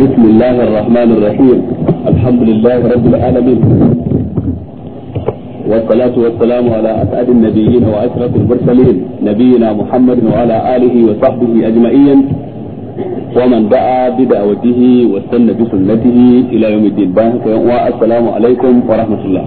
بسم الله الرحمن الرحيم الحمد لله رب العالمين والصلاة والسلام على أسعد النبيين وأشرف المرسلين نبينا محمد وعلى آله وصحبه أجمعين ومن دعا بدعوته واستنى بسنته إلى يوم الدين والسلام عليكم ورحمة الله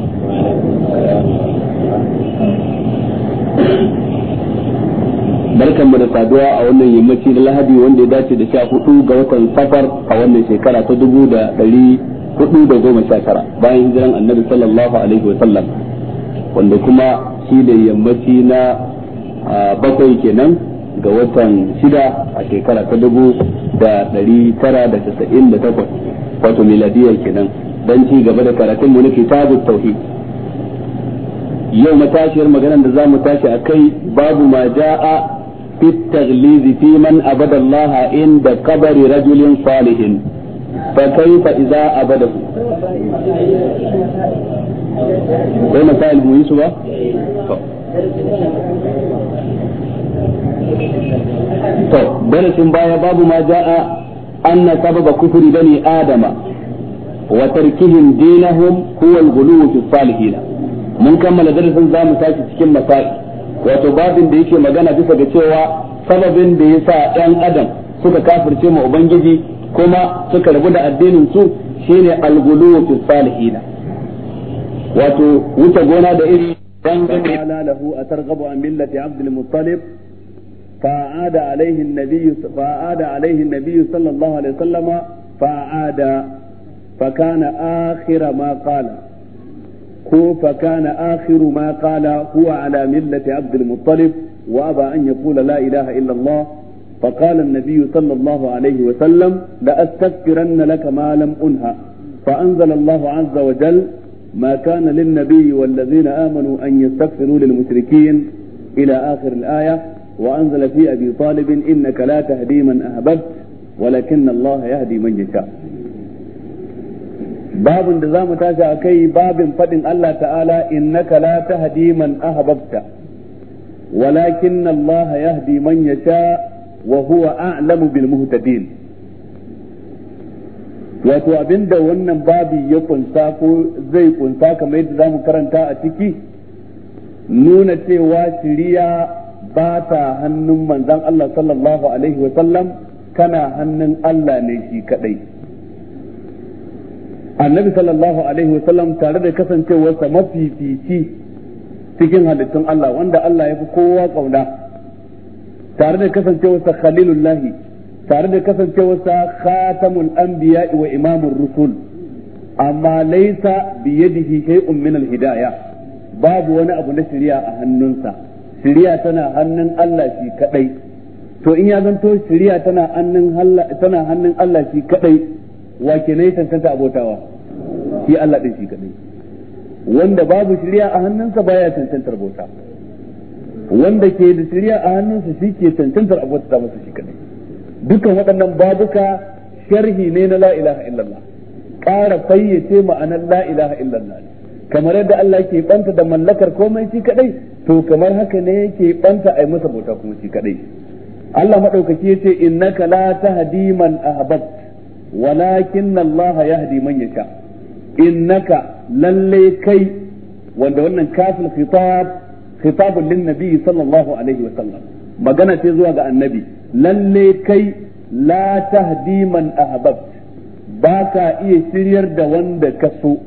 barkan mu da saduwa a wannan yammaci na lahadi wanda ya dace da sha hudu ga watan safar a wannan shekara ta dubu da dari hudu da goma sha tara bayan hijiran annabi sallallahu alaihi wa sallam wanda kuma shi da yammaci na bakwai kenan ga watan shida a shekara ta dubu da dari tara da casa'in da takwas wato miladiya kenan don ci gaba da karatun mu na kitabu tauhid yau matashiyar maganar da za mu tashi a kai babu ma ja'a في التغليظ في من أبد الله عند قبر رجل صالح فكيف إذا أبده أي مسائل ميسوة طب درس بايا باب ما جاء أن سبب كفر بني آدم وتركهم دينهم هو الغلو في الصالحين mun kammala darasin za mu tashi cikin masail wato babin da yake magana bisa ga cewa sababin da ya sa ɗan adam suka kafirce ma ubangiji kuma suka rabu da addinin su shine al fi wato wuce gona da iri dan gana lahu atarghabu a millati abdul muttalib فأعاد عليه النبي فأعاد alaihi النبي صلى الله عليه وسلم فأعاد فكان آخر ma قال كوفة كان آخر ما قال هو على ملة عبد المطلب وأبى أن يقول لا إله إلا الله فقال النبي صلى الله عليه وسلم لأستغفرن لك ما لم أنهى فأنزل الله عز وجل ما كان للنبي والذين آمنوا أن يستغفروا للمشركين إلى آخر الآية وأنزل في أبي طالب إنك لا تهدي من أهببت ولكن الله يهدي من يشاء babin da zamu tashi a kai babin faɗin Allah ta'ala innaka la tahdi man ahbabta walakin Allah yahdi man yasha wa huwa a'lamu bil muhtadin wato abinda wannan babi ya kunsa ko zai kunsa kamar yadda zamu karanta a ciki nuna cewa shiriya ba ta hannun manzon Allah sallallahu alaihi wa sallam kana hannun Allah ne shi kaɗai. annabi sallallahu alaihi wasallam tare da kasancewarsa mafifici cikin halittun Allah wanda Allah ya fi kowa kauna tare da kasancewarsa khalilullahi tare da kasancewarsa khatamul anbiya wa imamur rusul amma laisa biyadihi shay'un min al-hidayah babu wani abu na shari'a a hannunsa shari'a tana hannun Allah shi kadai to in ya zanto shari'a tana hannun Allah tana hannun Allah shi kadai wa ke ne cancanta abotawa shi Allah din shi kadai wanda babu shirya a hannunsa baya cancantar bauta wanda ke da shirya a hannunsa shi ke cancantar abota masa shi kadai dukan waɗannan babuka sharhi ne na la ilaha illallah ƙara fayyace ma'anar la ilaha illallah kamar yadda Allah ke banta da mallakar komai shi kadai to kamar haka ne yake banta ai masa bauta kuma shi kadai Allah madaukaki yace innaka la tahdi man ahbabta walakin Allah yahdi man yasha innaka lalle kai wanda wannan kafin khitab khitabun lin nabi sallallahu alaihi wasallam magana ce zuwa ga annabi lalle kai la tahdi man ahbabt ba ka iya shiryar da wanda ka so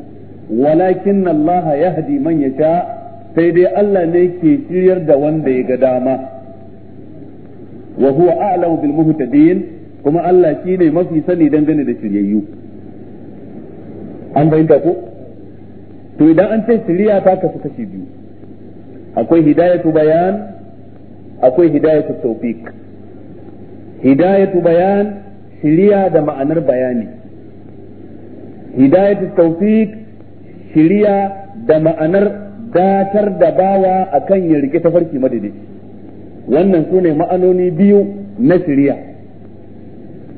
walakin Allah yahdi man yasha sai dai Allah ne ke shiryar da wanda ya ga dama wa a'lamu bil kuma Allah shi ne mafi sani dangane da shiryayyu an bayyana ko to idan an ce shiriya ta kasu kashi biyu akwai hidayatu bayan akwai hidayatu tawfiq hidayatu bayan shiriya da ma'anar bayani hidayatu tawfiq shiriya da ma'anar datar da bawa akan ya rike tafarki madadi wannan sune ma'anoni biyu na shirya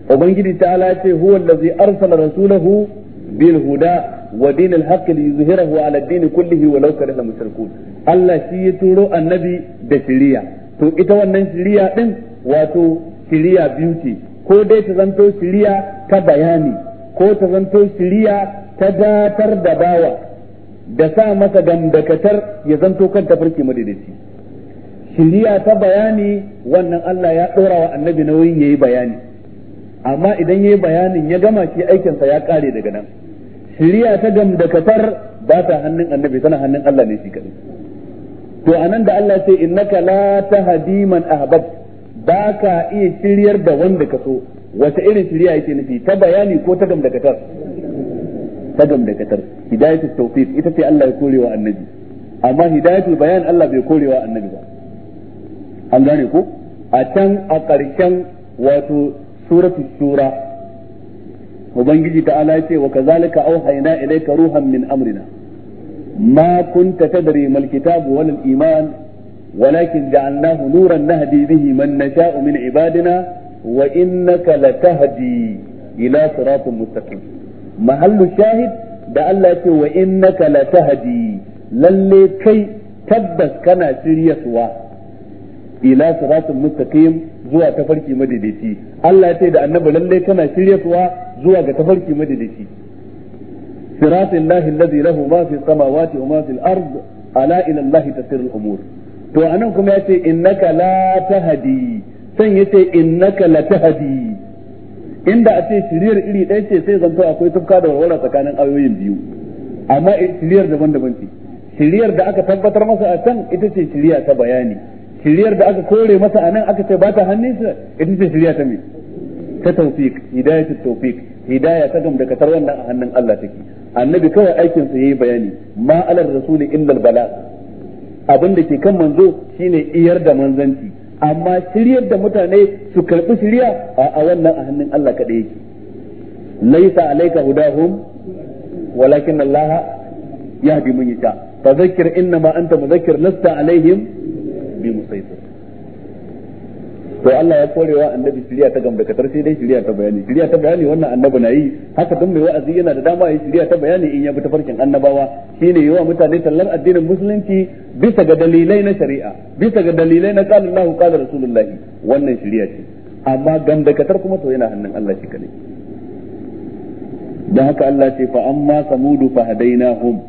ubangiji ta'ala ce huwa allazi arsala rasulahu bil huda wa dinil haqqi liyuzhirahu ala din kullihi mushrikun Allah shi ya turo annabi da shiriya to ita wannan shiriya din wato shiriya biyu ce ko dai ta zanto shiriya ta bayani ko ta zanto shiriya ta datar da bawa da sa masa dandakatar ya zanto kan tafarki madaidaici shiriya ta bayani wannan Allah ya dora wa annabi nauyin yayi bayani amma idan yayi bayanin ya gama shi aikin sa ya kare daga nan shiriya ta gam da gamdakatar ba ta hannun annabi tana hannun Allah ne shi kadai to anan da Allah sai innaka la tahdi man ahbab ba ka iya shiryar da wanda ka so wata irin shiriya yake nufi ta bayani ko ta gam da gamdakatar ta gam da gamdakatar hidayatul tawfiq ita ce Allah ya korewa annabi amma hidayatul bayan Allah bai korewa annabi ba an gane ko a can a ƙarshen wato suratu shura ubangiji ta ala ce wa kazalika auhayna ka ruhan min amrina ma kunta tadri mal kitabu wal iman walakin ja'alnahu nuran nahdi bihi man nasha'u min ibadina wa innaka latahdi ila siratin mustaqim mahallu shahid da Allah ce wa innaka latahdi lalle kai tabbas kana shiryasuwa ila siratin mustaqim zuwa tafarki madaidaici Allah ya ce da annabi lallai kana shiryatuwa zuwa ga tafarki madaidaici siratal lahi allazi lahu ma fi samawati wa ma fil ard ala ila allahi tasir al umur to anan kuma yace innaka la tahdi san yace innaka la tahdi inda a ce shiriyar iri ɗaya ce sai zanto akwai tufka da warwara tsakanin ayoyin biyu amma shiriyar daban-daban ce shiriyar da aka tabbatar masa a can ita ce shiriya ta bayani shiriyar da aka kore masa anan aka ce ba ta hannunsa ita ce shirya ta me ta Hidaya ta tawfiq hidaya ta gam da wannan a hannun Allah take annabi kawai aikin sa yayi bayani ma alar rasuli illa al bala abin da ke kan manzo shine iyar da manzanci amma shiryar da mutane su karbi shiriya a wannan a hannun Allah kadai yake laisa alayka hudahum walakin Allah yahdi man yasha fadhakkir innama anta mudhakkir lasta alaihim musaitir to Allah ya korewa annabi shirya ta gamdakatar sai dai shirya ta bayani shirya ta bayani wannan annabi na yi haka duk mai wa'azi yana da dama yi shirya ta bayani in ya bi tafarkin annabawa shine yawa mutane tallar addinin musulunci bisa ga dalilai na shari'a bisa ga dalilai na qala Allahu qala rasulullahi wannan shirya ce amma gamdakatar kuma to yana hannun Allah shi kadai dan haka Allah ce fa amma samudu fa hadainahum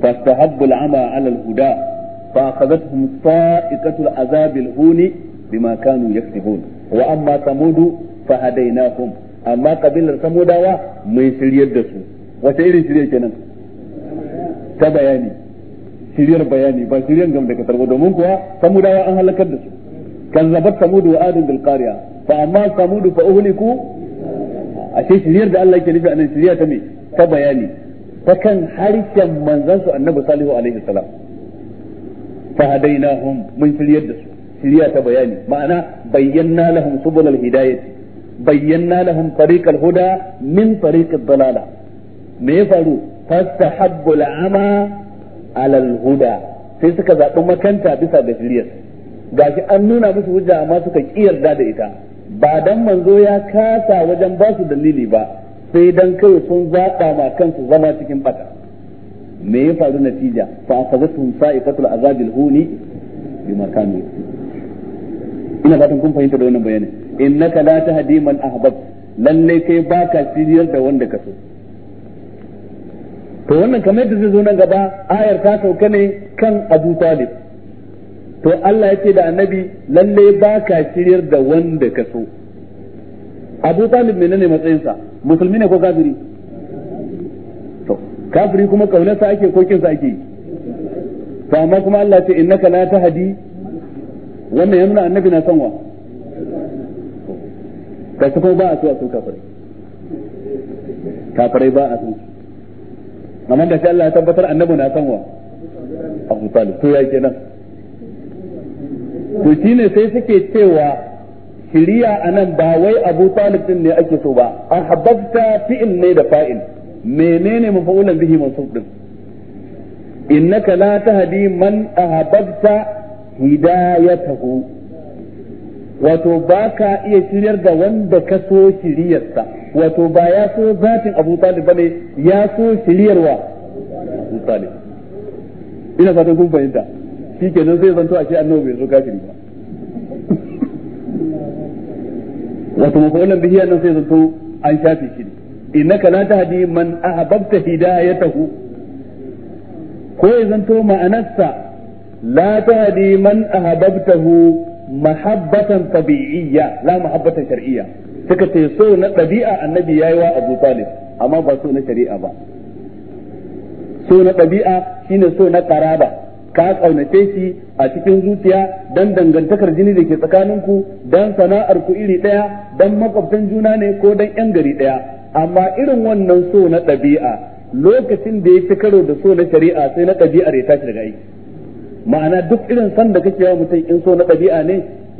fastahabbu al'ama 'ala al-huda fa akhadathum sa'iqatul azabil huni bima kanu yaktubun wa amma samudu fa hadainahum amma kabilar samudawa mun shiryar da su wata irin shirye kenan ta bayani shiryar bayani ba shiryar gam da kasar ba domin kuwa samudawa an halakar da su kazzabat samudu wa adun bil fa amma samudu fa uhliku ashe shiryar da Allah ke nufi anan shirya ta me ta bayani ta kan harshen manzon su annabi salihu fa hadainahum mun shiryar da su shiriya ta bayani ma'ana bayyana lahum subulal hidayati bayyana lahum tariqal huda min tariqid dalala me ya faru fastahabbu al'ama ala huda sai suka zaɓi makanta bisa ga shiriyar gashi an nuna musu hujja amma suka kiyarda da ita ba dan manzo ya kasa wajen ba su dalili ba sai dan kawai sun zaɓa ma kansu zama cikin bata me ya faru natija fa akhadathum sa'iqatul azabil huni bima kanu ina fatan kun fahimta da wannan bayanin innaka la tahdi man ahbab lalle kai baka sirriyar da wanda ka so to wannan kamar yadda zai zo nan gaba ayar ta sauka ne kan Abu Talib to Allah ya ce da annabi lalle baka siriyar da wanda ka so Abu Talib menene matsayinsa musulmi ne ko kafiri kafiri kuma kaunarsa ake ko kinsa ake to amma kuma Allah ce innaka la tahdi wannan ya nuna annabi na sanwa kai kuma ba a so a so kafirai kafirai ba a so amma da Allah ya tabbatar annabi na sanwa Abu Talib to ya kenan to ne sai suke cewa shiriya anan ba wai Abu Talib din ne ake so ba ahabbta fi'il ne da fa'il menene mafa'ulan bihi mansub din innaka la tahdi man ahbabta hidayatahu wato ba ka iya shiryar da wanda ka so shiryarsa wato ba ya so zatin abu talib bane ya so shiryarwa abu talib ina fatan kun fahimta shi kenan zai zanto a ce annabi bai zo kafiri ba wato mafa'ulan bihi nan sai zanto an shafe shi ne innaka la tahdi man ahbabta hidayatahu ko ya to ma'anarsa la tahdi man ahbabtahu mahabbatan tabi'iyya la mahabbatan shar'iyya suka ce so na ɗabi'a annabi yayi wa Abu Talib amma ba so na shari'a ba so na ɗabi'a shine so na karaba ka kaunace shi a cikin zuciya dan dangantakar jini da ke tsakaninku dan sana'ar ku iri daya dan makwabtan juna ne ko dan yan gari daya amma irin wannan so na ɗabi'a lokacin da ya fi karo da so na shari'a sai na ɗabi'ar ya tashi daga aiki ma'ana duk irin san da kake yawa mutum in so na ɗabi'a ne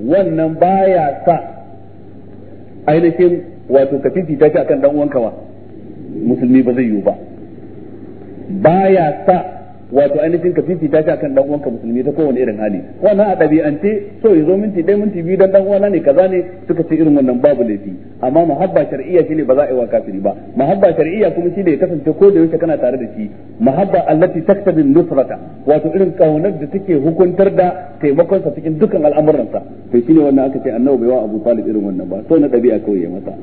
wannan baya sa ainihin wato ka fifita shi akan dan uwanka ba musulmi ba zai yiwu ba baya sa wato ainihin ka fifita shi akan dan uwanka musulmi ta kowane irin hali wannan a dabi'ance so ya zo minti ɗaya minti biyu dan dan uwana ne kaza ne suka ce irin wannan babu laifi amma muhabba shar'iyya shine ba za a yi wa kafiri ba mahabba shar'iyya kuma shine ya kasance ko da yaushe kana tare da shi Muhabba allati taktabi nusrata wato irin kaunar da take hukuntar da taimakon sa cikin dukkan al'amuransa to shine wannan aka ce annabi bai wa Abu Talib irin wannan ba so na ɗabi'a kawai ya masa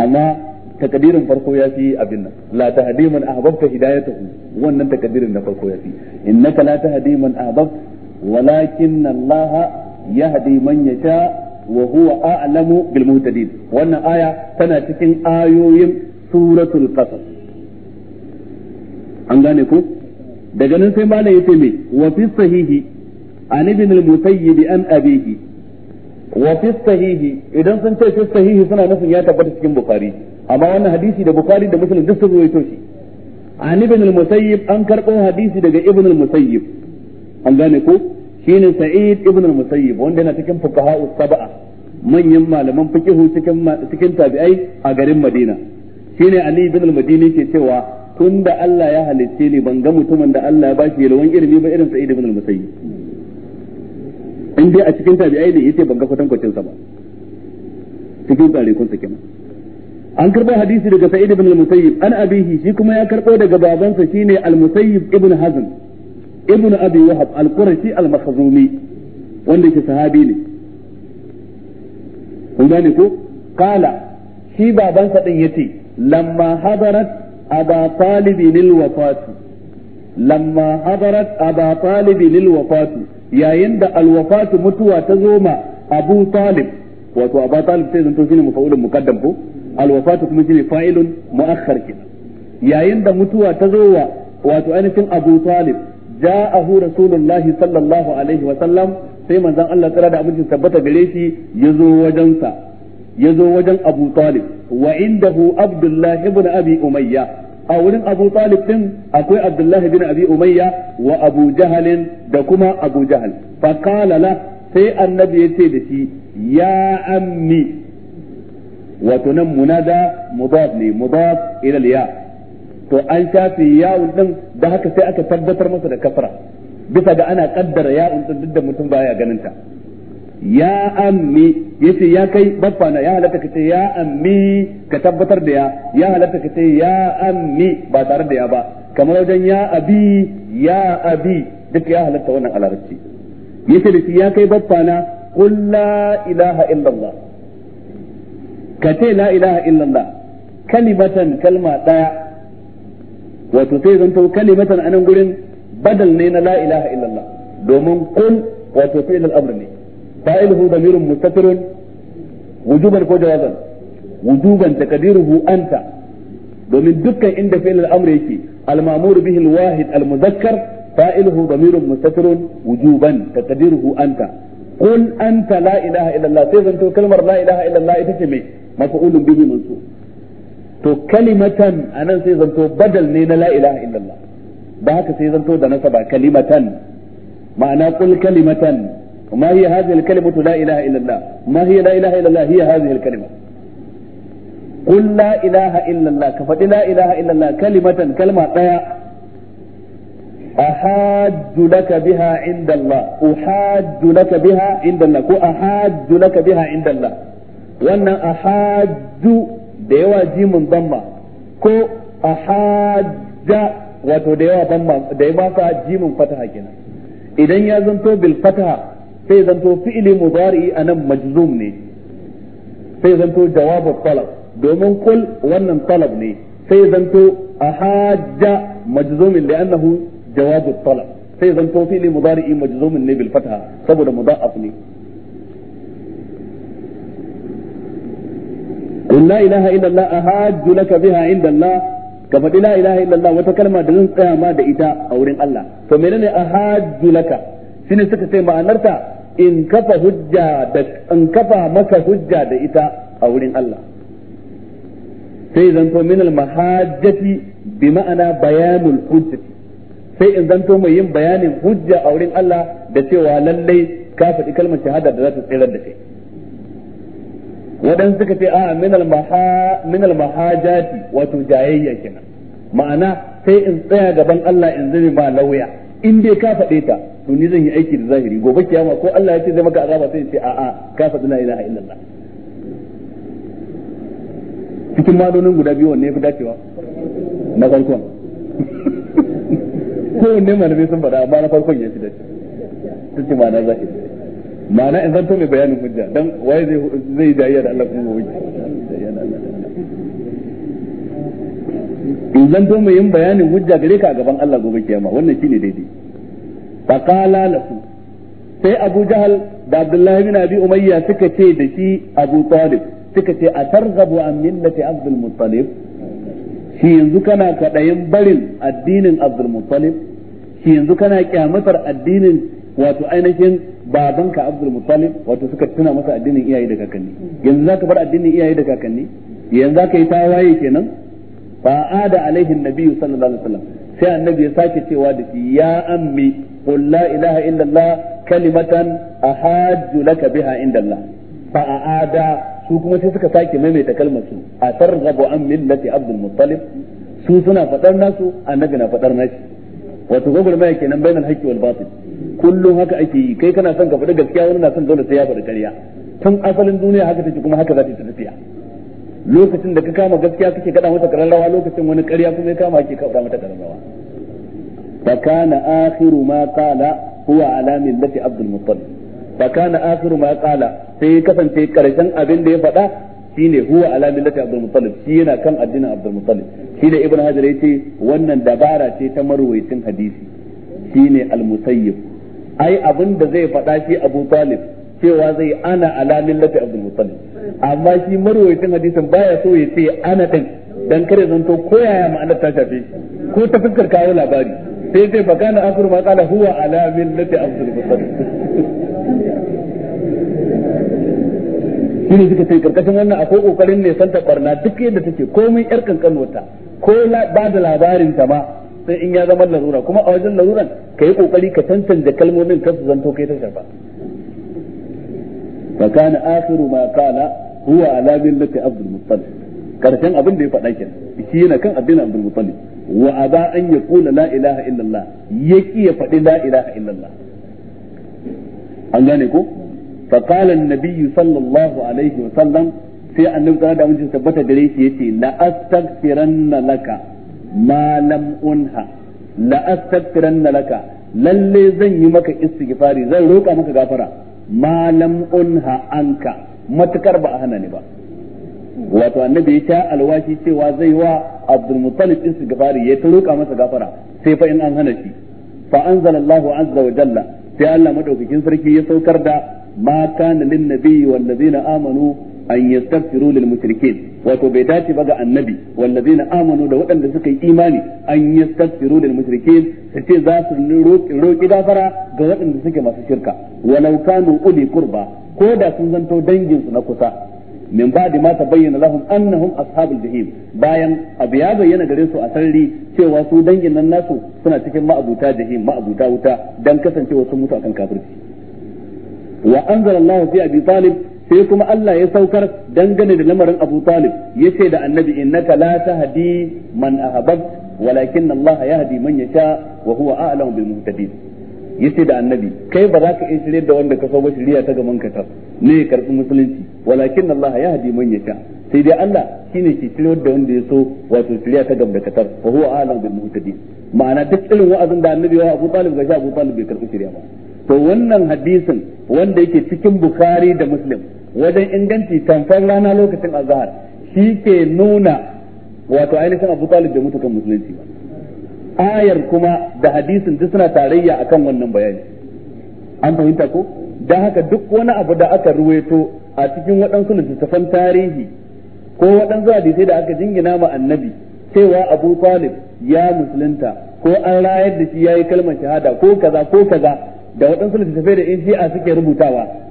amma takadirin farko ya fi abin nan la tahdi man ahbabta hidayatahu wannan takadirin na farko ya fi innaka la tahdi man ahbab walakin Allah yahdi man yasha wa huwa a'lamu bil muhtadin wannan aya tana cikin ayoyin suratul qasas an gane ko daga nan sai malai yace me wa fi sahihi an ibn al musayyib an abihi wa fi sahihi idan sun ce fi sahihi suna nufin ya tabbata cikin bukhari amma wannan hadisi da bukari da muslim duk sun rawaito shi an ibn al-musayyib an karbo hadisi daga ibn al-musayyib an gane ko shine sa'id ibn al-musayyib wanda yana cikin fuqaha sab'a manyan malaman fiqh cikin cikin tabi'ai a garin Madina shine Ali ibn al-Madini ke cewa tunda Allah ya halicce ni ban ga mutumin da Allah ya bashi yalwan ilimi ba irin sa'id ibn al-musayyib in dai a cikin tabi'ai ne yace ban ga kwatankwacin sa ba cikin tsare sa kenan an karbo hadisi daga sa'id ibn al-musayyib an abihi shi kuma ya karbo daga babansa shine al-musayyib ibn hazm ibn abi wahab al-qurashi al-makhzumi wanda yake sahabi ne kun gane ko kala shi babansa din yace lamma hadarat aba talib lil wafat lamma hadarat aba talib lil wafat yayin da al-wafat mutuwa ta zo ma abu talib wato aba talib sai zanto shine mafaulun muqaddam ko alwafatu kuma shine fa'ilun mu'akhkhar kenan yayin da mutuwa ta zo wa wato ainihin Abu Talib ja'ahu rasulullahi sallallahu alaihi wa sallam sai manzon Allah tsara da abincin tabbata gare shi yazo wajen sa yazo wajen Abu Talib wa indahu Abdullah ibn Abi Umayya a wurin Abu Talib din akwai Abdullah ibn Abi Umayya wa Abu Jahal da kuma Abu Jahal fa qala la sai annabi ya ce da shi ya ammi wato nan munada mudaf ne mudaf ila ya to an shafi yawun din da haka sai aka tabbatar masa da kasra bisa ga ana kaddara ya'un din duk da mutum baya ganin ta ya ammi yace ya kai na ya halatta kace ya ammi ka tabbatar da ya ya halatta kace ya ammi ba tare da ya ba kamar wajen ya abi ya abi duk ya halatta wannan a yace da ya kai baffana qul la ilaha illallah ka ce la ilaha illallah kalimatan kalma daya wato sai zanto kalimatan anan gurin badal ne na la ilaha illallah domin kun wato fi'il al-amr ne fa'iluhu damirun mustatirun wujuban ko jawazan wujuban takdiruhu anta domin dukkan inda fi'il al-amr yake al-ma'mur bihi al-wahid al-mudhakkar fa'iluhu damirun mustatirun wujuban takdiruhu anta قل أنت لا إله إلا الله kalmar la ilaha illallah ita ce mai. maf'ulun bihi mansub to kalimatan anan sai zanto badal ne na la ilaha illallah da haka sai zanto da nasaba kalimatan ma'ana qul kalimatan ma hiya hadhihi al-kalimatu la ilaha illallah ma hiya la ilaha illallah hiya hadhihi kalima قل لا إله إلا الله كفت لا إله إلا الله كلمة كلمة طيا أحاج لك بها عند الله أحاج لك بها عند الله أحاج لك بها عند الله wannan a haju da yawa jimin damma ko a haja wato da yawa damma da yawa fa jimin fataha kenan idan ya zanto bil fataha sai zanto fi'li mudari anan majzum ne sai zanto jawabu talab domin kul wannan talab ne sai zanto a haja majzumin annahu jawabu talab sai zanto fi'li mudari majzumin ne bil fataha saboda mudaf ne qul ilaha illallah ahajju biha inda Allah ka ilaha illallah wata kalma da zan tsaya da ita a wurin Allah to menene ahajju shine suka ce ma'anarta in kafa hujja da maka hujja da ita a wurin Allah sai mahajjati bi ma'ana sai in zanto mai yin bayanin hujja a wurin Allah da cewa lallai ka faɗi kalmar shahada da za ta tsirar da kai wadan suka ce a minal maha minal mahajati wato jayayya kenan ma'ana sai in tsaya gaban Allah in zabi ba lauya in dai ka faɗe ta to ni zan yi aiki da zahiri gobe kiyama ko Allah ya ce zai maka azaba sai in ce a'a ka faɗi la ilaha illallah cikin madonin guda biyu wanne yafi dacewa na farkon kowanne malamai sun faɗa amma na farkon ya fi dacewa ta ce ma na zahiri ma'ana in zanto mai bayanin hujja dan waye zai zai jayya da Allah kuma wuce. in zanto mai yin bayanin hujja gare ka a gaban Allah gobe kiyama wannan shine daidai qala lahu sai Abu Jahal da Abdullahi bin Abi Umayya suka ce da shi Abu Talib suka ce a targhabu an millati Abdul Muttalib shi yanzu kana kadayin barin addinin Abdul Muttalib shi yanzu kana kyamatar addinin wato ainihin babanka Abdul Muttalib wato suka tuna masa addinin iyaye da kakanni yanzu zaka bar addinin iyaye da kakanni yanzu zaka yi tawaye kenan fa ada alaihi annabi sallallahu alaihi wasallam sai annabi ya sake cewa da shi ya ammi qul la ilaha illallah kalimatan ahajju laka biha indallah fa ada su kuma sai suka sake maimaita kalmar su a targhabu an millati Abdul Muttalib su suna fadar nasu annabi na fadar nashi wato gogurmaya kenan bainal haqqi wal batil kullum haka ake yi kai kana son ka faɗi gaskiya wani na son dole sai ya faɗi ƙarya tun asalin duniya haka take kuma haka za ta tafiya lokacin da ka kama gaskiya kake kada mata kararrawa lokacin wani ƙarya kuma ya kama kake kaɗa mata kararrawa fa kana akhiru ma qala huwa ala millati abdul muttalib fa kana akhiru ma qala sai kasance karshen abin da ya faɗa shine huwa ala millati abdul muttalib shi yana kan addinin abdul muttalib shi da ibn hajar yace wannan dabara ce ta marwayin hadisi shine al musayyib ai abin da zai faɗa shi Abu Talib cewa zai ana ala millati Abdul Muttalib amma shi marwayin hadisin baya so ya ce ana din dan kare zanto ko yaya ma'anar ta shafe ko ta fuskar kawo labari sai sai baka na akuru ma kala huwa ala millati Abdul Muttalib shine suka ce karkashin wannan akwai kokarin ne santa barna duk yadda take komai yar kankan wata ko ba da labarin ta ma sai in ya zama larura kuma a wajen laruran ka yi kokari ka tantance kalmomin kan su zanto kai ta sharba fa kana akhiru ma qala huwa ala millati abdul muttalib karshen abin da ya faɗa kenan shi yana kan addinin abdul muttalib wa aba an yaqula la ilaha illallah yaki ya faɗi la ilaha illallah an gane ko fa qala annabi sallallahu alaihi wa sallam sai annabi da mun tabbata gare shi yace la astaghfiranna laka Malam lam unha la astaghfiranna laka lalle zan yi maka istighfari zan roƙa maka gafara ma lam unha anka matukar ba a hana ni ba wato annabi ya sha alwashi cewa zai wa abdul muttalib istighfari ya ta roƙa masa gafara sai fa in an hana shi fa anzalallahu azza wa jalla sai Allah madaukakin sarki ya saukar da ma kana lin nabiyyi wal ladina amanu an yastaghfiru lil mushrikeen wato bai dace ba ga annabi wallazina amanu da waɗanda suka yi imani an yastaghfiru lil mushrikeen su ce za su roƙi gafara ga waɗanda suke masu shirka walau kanu uli qurba ko da sun zanto dangin su na kusa min ba'di ma tabayyana lahum annahum ashabul jahim bayan abu ya bayyana gare su a sarri cewa su dangin nan nasu suna cikin ma'abuta jahim ma'abuta wuta dan kasancewa sun mutu akan kafirci wa anzala Allahu fi abi talib sai kuma Allah ya saukar dangane da lamarin Abu Talib ya ce da Annabi innaka la tahdi man ahbab walakin Allah yahdi man yasha wa huwa a'lamu bil muhtadin ce da Annabi kai ba za ka iya shirye da wanda ka so ba shirya ta gaban ka ta ne karfi musulunci walakin Allah yahdi man yasha sai dai Allah shine ke shirye da wanda ya so wato shirya ta gaban ka ta wa huwa a'lamu bil muhtadin ma'ana duk irin wa'azin da Annabi ya Abu Talib ga shi Abu Talib bai karfi shirya ba to wannan hadisin wanda yake cikin Bukhari da Muslim wajen inganci tamfar rana lokacin azhar shi ke nuna wato ainihin Abu Talib da mutukan musulunci ba ayar kuma da hadisin duk suna tarayya akan wannan bayani an fahimta ko dan haka duk wani abu da aka ruwaito a cikin waɗansu littattafan tarihi ko waɗansu hadisai da aka jingina ma annabi cewa Abu Talib ya musulunta ko an rayar da shi ya yi kalmar shahada ko kaza ko kaza da waɗansu littattafai da in shi'a suke rubutawa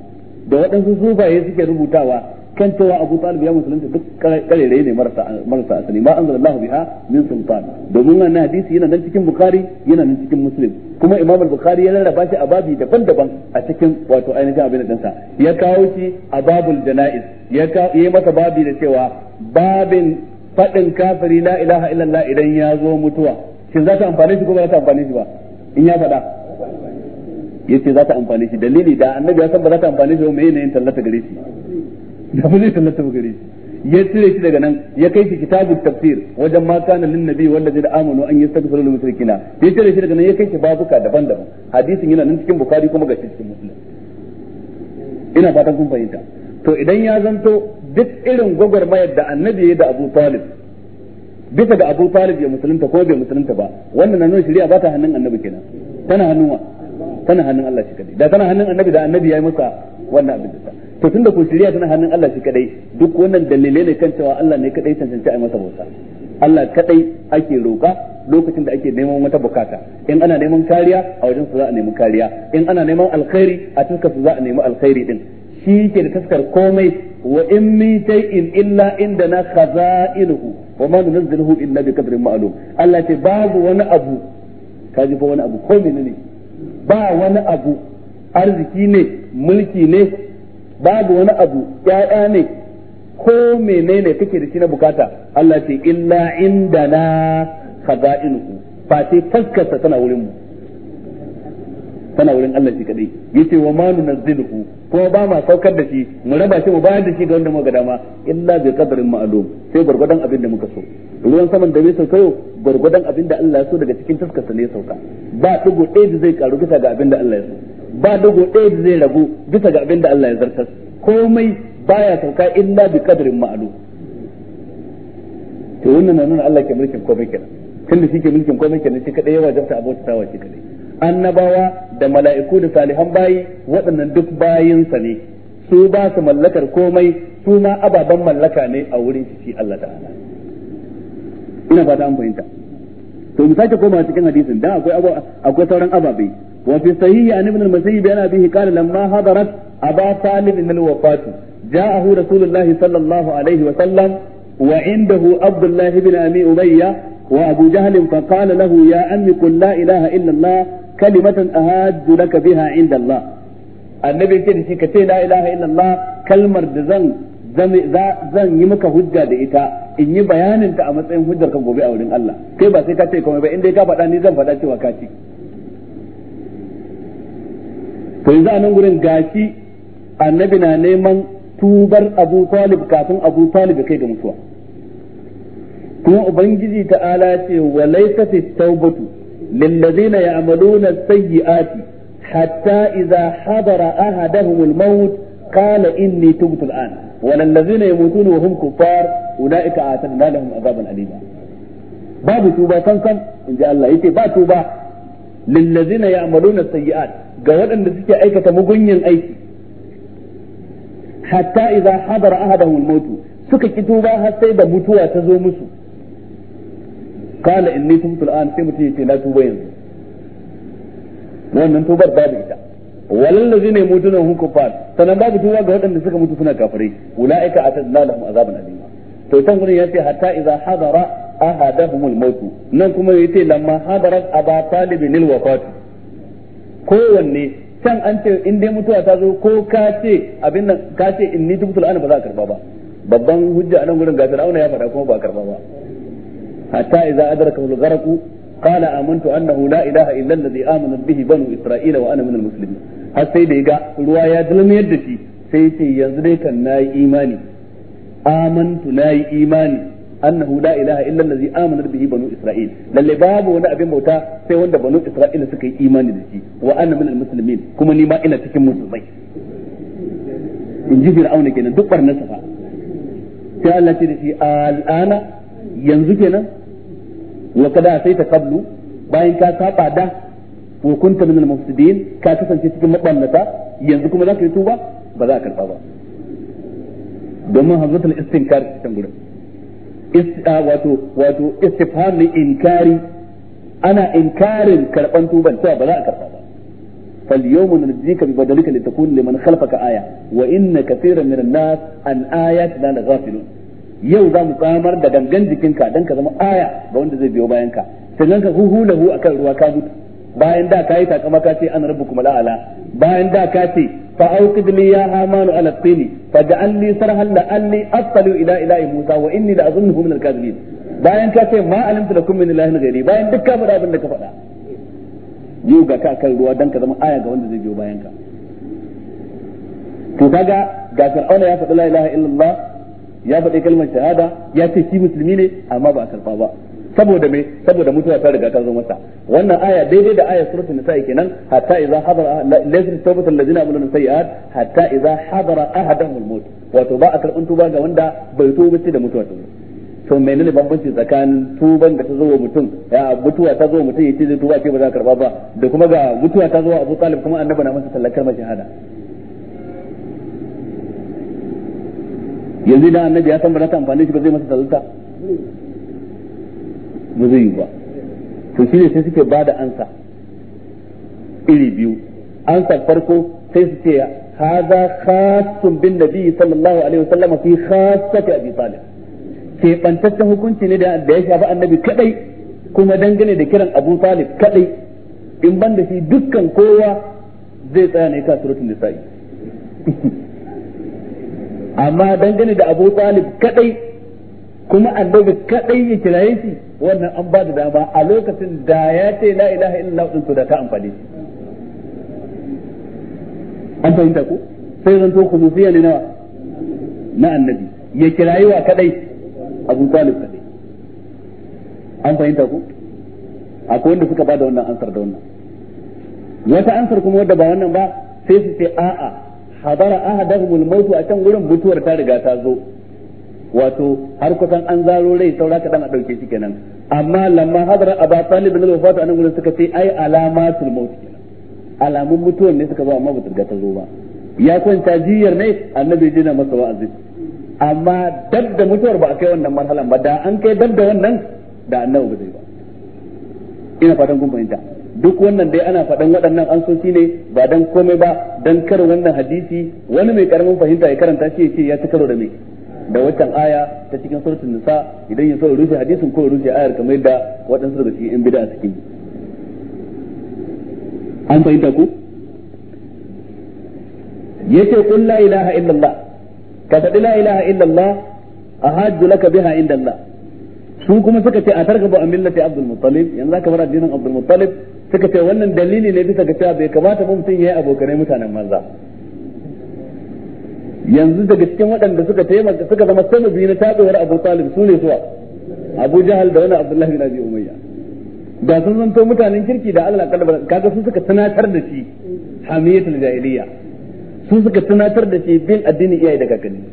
da waɗansu sufaye suke rubutawa kan cewa Abu Talib ya musulunta duk karere ne marasa asali ma anzalallahu biha min sultan domin wannan hadisi yana nan cikin Bukhari yana nan cikin Muslim kuma Imam al-Bukhari ya rarraba shi a babi daban-daban a cikin wato ainihin abin da ya kawo shi a babul janaiz ya yi masa babi da cewa babin fadin kafiri la ilaha illallah idan ya zo mutuwa shin za ta amfane shi ko ba za ta amfane shi ba in ya faɗa yace za ta amfane shi dalili da annabi ya san ba za ta amfane shi ba mai yanayin tallata gare shi da ba zai tallata gare shi ya cire shi daga nan ya kai shi kitabut tafsir wajen ma kana lin nabi wallazi da amanu an yastaghfiru lil mushrikina ya cire shi daga nan ya kai shi babuka daban-daban hadisin yana nan cikin bukhari kuma ga cikin muslim ina fatan kun fahimta to idan ya zanto duk irin gwagwarmayar da annabi ya da Abu Talib bisa ga Abu Talib ya musulunta ko bai musulunta ba wannan nan shari'a ba ta hannun annabi kenan tana hannun wa tana hannun Allah shi kadai da tana hannun annabi da annabi yayi masa wannan abin da to tunda ko shari'a tana hannun Allah shi kadai duk wannan dalilai ne kan cewa Allah ne kadai tantance ai masa bauta Allah kadai ake roka lokacin da ake neman wata bukata in ana neman kariya a wajen su za a nemi kariya in ana neman alkhairi a tuska su za a nemi alkhairi din shi ke da taskar komai wa in min shay'in illa na khaza'inuhu wa ma nunzilu illa bi qadrin ma'lum Allah ce babu wani abu kaji fa wani abu ko menene ne ba wani abu arziki ne mulki ne babu wani abu ƴaƴa ne ko menene kake da shi na bukata Allah ce illa inda na khaza'inuhu fa sai taskarsa tana wurin mu tana wurin Allah shi kadai yace wa ma nunazziluhu kuma ba ma saukar da shi mu raba shi mu bayar da shi ga wanda muka ga dama illa bi qadarin ma'lum sai gurgurdan abin da muka so ruwan saman da bai sauka yau gwargwadon abin da Allah ya so daga cikin taskarsa ne ya sauka ba dugo ɗaya da zai karu bisa ga abin da Allah ya so ba dugo ɗaya da zai ragu bisa ga abin da Allah ya zartar komai baya sauka illa bi kadarin ma'alu to wannan na nuna Allah ke mulkin komai kenan da shi ke mulkin komai kenan shi kadai yawa jafta abota tawa shi kadai annabawa da mala'iku da salihan bayi waɗannan duk bayinsa ne su ba su mallakar komai su ma ababen mallaka ne a wurin shi Allah ta'ala ina fata an fahimta to mu sake koma cikin hadisin dan akwai akwai sauran ababe wa fi sahihi an ibn al yana bihi qala lamma hadarat aba talib min al-wafat ja'ahu rasulullah sallallahu alaihi wa sallam wa indahu abdullah ibn abi umayya وأبو جهل فقال له يا أمي قل لا إله إلا الله zan yi maka hujja da ita in yi bayanin ta a matsayin hujjar ka gobe a wurin Allah kai ba sai ka ce komai ba in dai ka faɗa ni zan faɗa cewa ka ci to yanzu a nan gurin gashi annabi na neman tubar Abu Talib kafin Abu Talib kai ga mutuwa kuma ubangiji ta'ala ce wa laysa fi tawbatu lil ladina ya'maluna sayyiati hatta idza hadara ahaduhum al-maut qala inni tubtu al an walallazina yamutuna wa hum kuffar ulaika atadna lahum azaban alima babu tuba san san inji Allah yace ba tuba lillazina ya'maluna sayyi'at ga waɗanda suke aikata mugunyin aiki hatta idza hadara ahadahum al suka ki tuba har sai da mutuwa ta zo musu qala inni tubtu al-an sai mutum yace na tuba yanzu wannan tubar babu ita walal ladina yamutuna hum kuffar sanan babu tuwa ga waɗanda suka mutu suna kafirai ulaika atadna lahum azaban alim to can ya yace hatta idza hadara ahadahum al-maut nan kuma yace lamma hadara aba talibin al-wafat kowanne can an ce in dai mutuwa ta zo ko ka ce abin nan ka ce in ni al-ana ba za karba ba babban hujja a nan gurin ga Fir'auna ya faɗa kuma ba karba ba hatta idza adraka al-gharqu qala amantu annahu la ilaha illa allazi amana bihi banu isra'ila wa ana minal muslimin har sai da ga ruwa ya dalmiyar da shi sai ce yanzu dai kan nayi imani amantu nayi imani annahu la ilaha illa allazi amana bihi banu isra'il lalle babu wani abin bauta sai wanda banu isra'ila suka yi imani da shi wa ana minal kuma ni ma ina cikin musulmai fir'auna kenan duk barnar safa da yanzu kenan wa da saita qablu bayan ka saba da wa kunta minal mufsidin ka kasance cikin mabannata yanzu kuma zaka yi tuba ba za a karba ba domin hamzatul istinkar cikin gurin wato wato istifham inkari ana ba za a ba فاليوم ننجيك ببدنك لتكون لمن خلفك آية وإن كثيرا من الناس عن آياتنا لغافلون yau za mu samar da gangan jikinka dan ka zama aya ga wanda zai biyo bayan ka sannan ka huhulahu akan ruwa ka mutu bayan da ka yi takama ka ce ana rabbukum al'ala bayan da ka ce fa auqid li ya amanu ala tini fa ja'al li sarhan la alli asalu ila ilahi musa wa inni la azunnuhu min al-kadhibin bayan ka ce ma alimtu lakum min ilahin ghairi bayan duk ka faɗa abin da ka faɗa yau ga ka kan ruwa dan ka zama aya ga wanda zai biyo bayan ka to kaga ga fir'auna ya faɗi la ilaha illallah ya faɗi kalmar shahada ya ce shi musulmi ne amma ba a karɓa ba saboda me saboda mutuwa ta riga ta zo masa wannan aya daidai da ayar suratul nisa'i kenan hatta idza hadara laysa tawbatu allazina amiluna sayiat hatta idza hadara ahadahum al-maut wato ba a karɓan tuba ga wanda bai tuba da mutuwa ta zo to menene bambanci tsakanin tuban da ta zo wa mutum ya mutuwa ta zo mutum mutum yace zai tuba ke ba za a karba ba da kuma ga mutuwa ta zo wa Abu Talib kuma annabi na masa tallar kalmar shahada yanzu da annabi ya san ba za ta amfani shi ba zai masa salata ba zai yi ba to shine sai suke ba da ansa iri biyu ansa farko sai su ce haza khasun bin nabi sallallahu alaihi wasallam fi khassati abi talib ke bantaccen hukunci ne da ya shafi annabi kadai kuma dangane da kiran abu talib kadai in ban da shi dukkan kowa zai tsaya ne ka suratul nisa'i amma dangane da Abu Talib kadai kuma annabi kadai ya kiraye shi wannan an ba da dama a lokacin da ya ce la ilaha illallah din to da ta amfane shi an fahimta ko sai zan to khususiya ne nawa na annabi ya kiraye wa kadai Abu Talib kadai an fahimta ko akwai wanda suka bada wannan ansar da wannan wata ansar kuma wadda ba wannan ba sai su ce a'a hadara ahadahum al-maut a can gurin mutuwar ta riga ta zo wato har kusan an zaro rai saura kadan a dauke shi kenan amma lamma hadara aba talib bin al-wafat anan gurin suka ce ai alamatul mautu alamun mutuwar ne suka zo amma ba ta riga ta zo ba ya kwanta jiyar ne annabi dina masa wa'azi amma dab da mutuwar ba a kai wannan marhalan ba da an kai dab da wannan da annabi ba zai ba ina fatan kun fahimta duk wannan dai ana faɗan waɗannan ansoshi ne ba dan komai ba dan karo wannan hadisi wani mai karamin fahimta ya karanta shi ce ya ci karo da me da waccan aya ta cikin suratul nisa idan ya so ya rufe hadisin ko ya rufe ayar kamar yadda waɗansu daga cikin yan bid'a suke an fahimta ku yace qul la ilaha illallah ka faɗi la ilaha illallah ahajju laka biha inda Allah su kuma suka ce a targaba a millati Abdul Muttalib yanzu ka fara dinin Abdul Muttalib suka ce wannan dalili ne bisa ga cewa bai kamata ba mutum ya yi abokanai mutanen manza yanzu daga cikin waɗanda suka taimaka suka zama sababi na tabewar abu talib su ne suwa abu jahal da wani abdullahi bin abi umayya da sun zanto mutanen kirki da allah kalbar kaga su suka tunatar da shi hamiyatul jahiliya su suka tunatar da shi bin addini iyaye da kakanni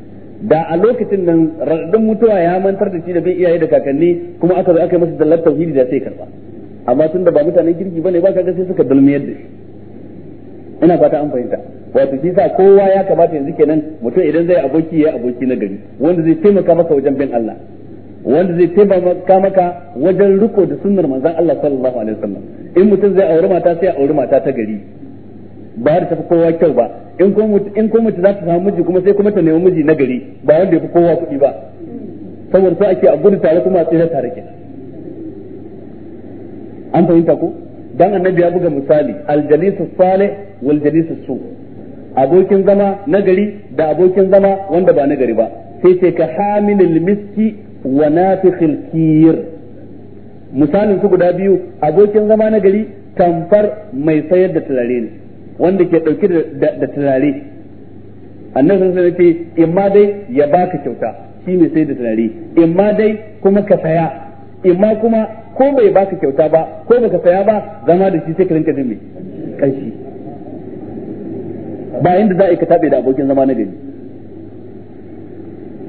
da a lokacin nan raɗaɗin mutuwa ya mantar da shi da bin iyaye da kakanni kuma aka zo aka yi masa dallar tauhidi da sai karba amma tun da ba mutanen ba ne ba kaga sai suka dulmiyar da shi ina fata an fahimta wato shi sa kowa ya kamata yanzu kenan mutum idan zai aboki ya aboki na gari wanda zai taimaka maka wajen bin Allah wanda zai taimaka maka wajen riko da sunnar manzon Allah sallallahu alaihi wasallam in mutum zai aure mata sai auri aure mata ta gari ba har tafi kowa kyau ba in ko in ko mutum za ta samu miji kuma sai kuma ta nemi miji na gari ba wanda ya fi kowa kuɗi ba saboda sai ake a gudu tare kuma a tsira tare kenan an fahimta ko dan annabi ya buga misali aljalisu salih wal jalisu su abokin zama nagari da abokin zama wanda ba nagari ba sai ce ka hamilil miski wa nafikhil kir misalin su guda biyu abokin zama nagari tamfar mai sayar da turare ne wanda ke dauke da turare annabi sun ce in ma dai ya baka kyauta shi mai sayar da turare in ma dai kuma ka saya in ma kuma ko bai ka kyauta ba ko baka saya ba zama da shi sai ka rinka jin mai kanshi ba inda za a yi ka tabe da abokin zama na gari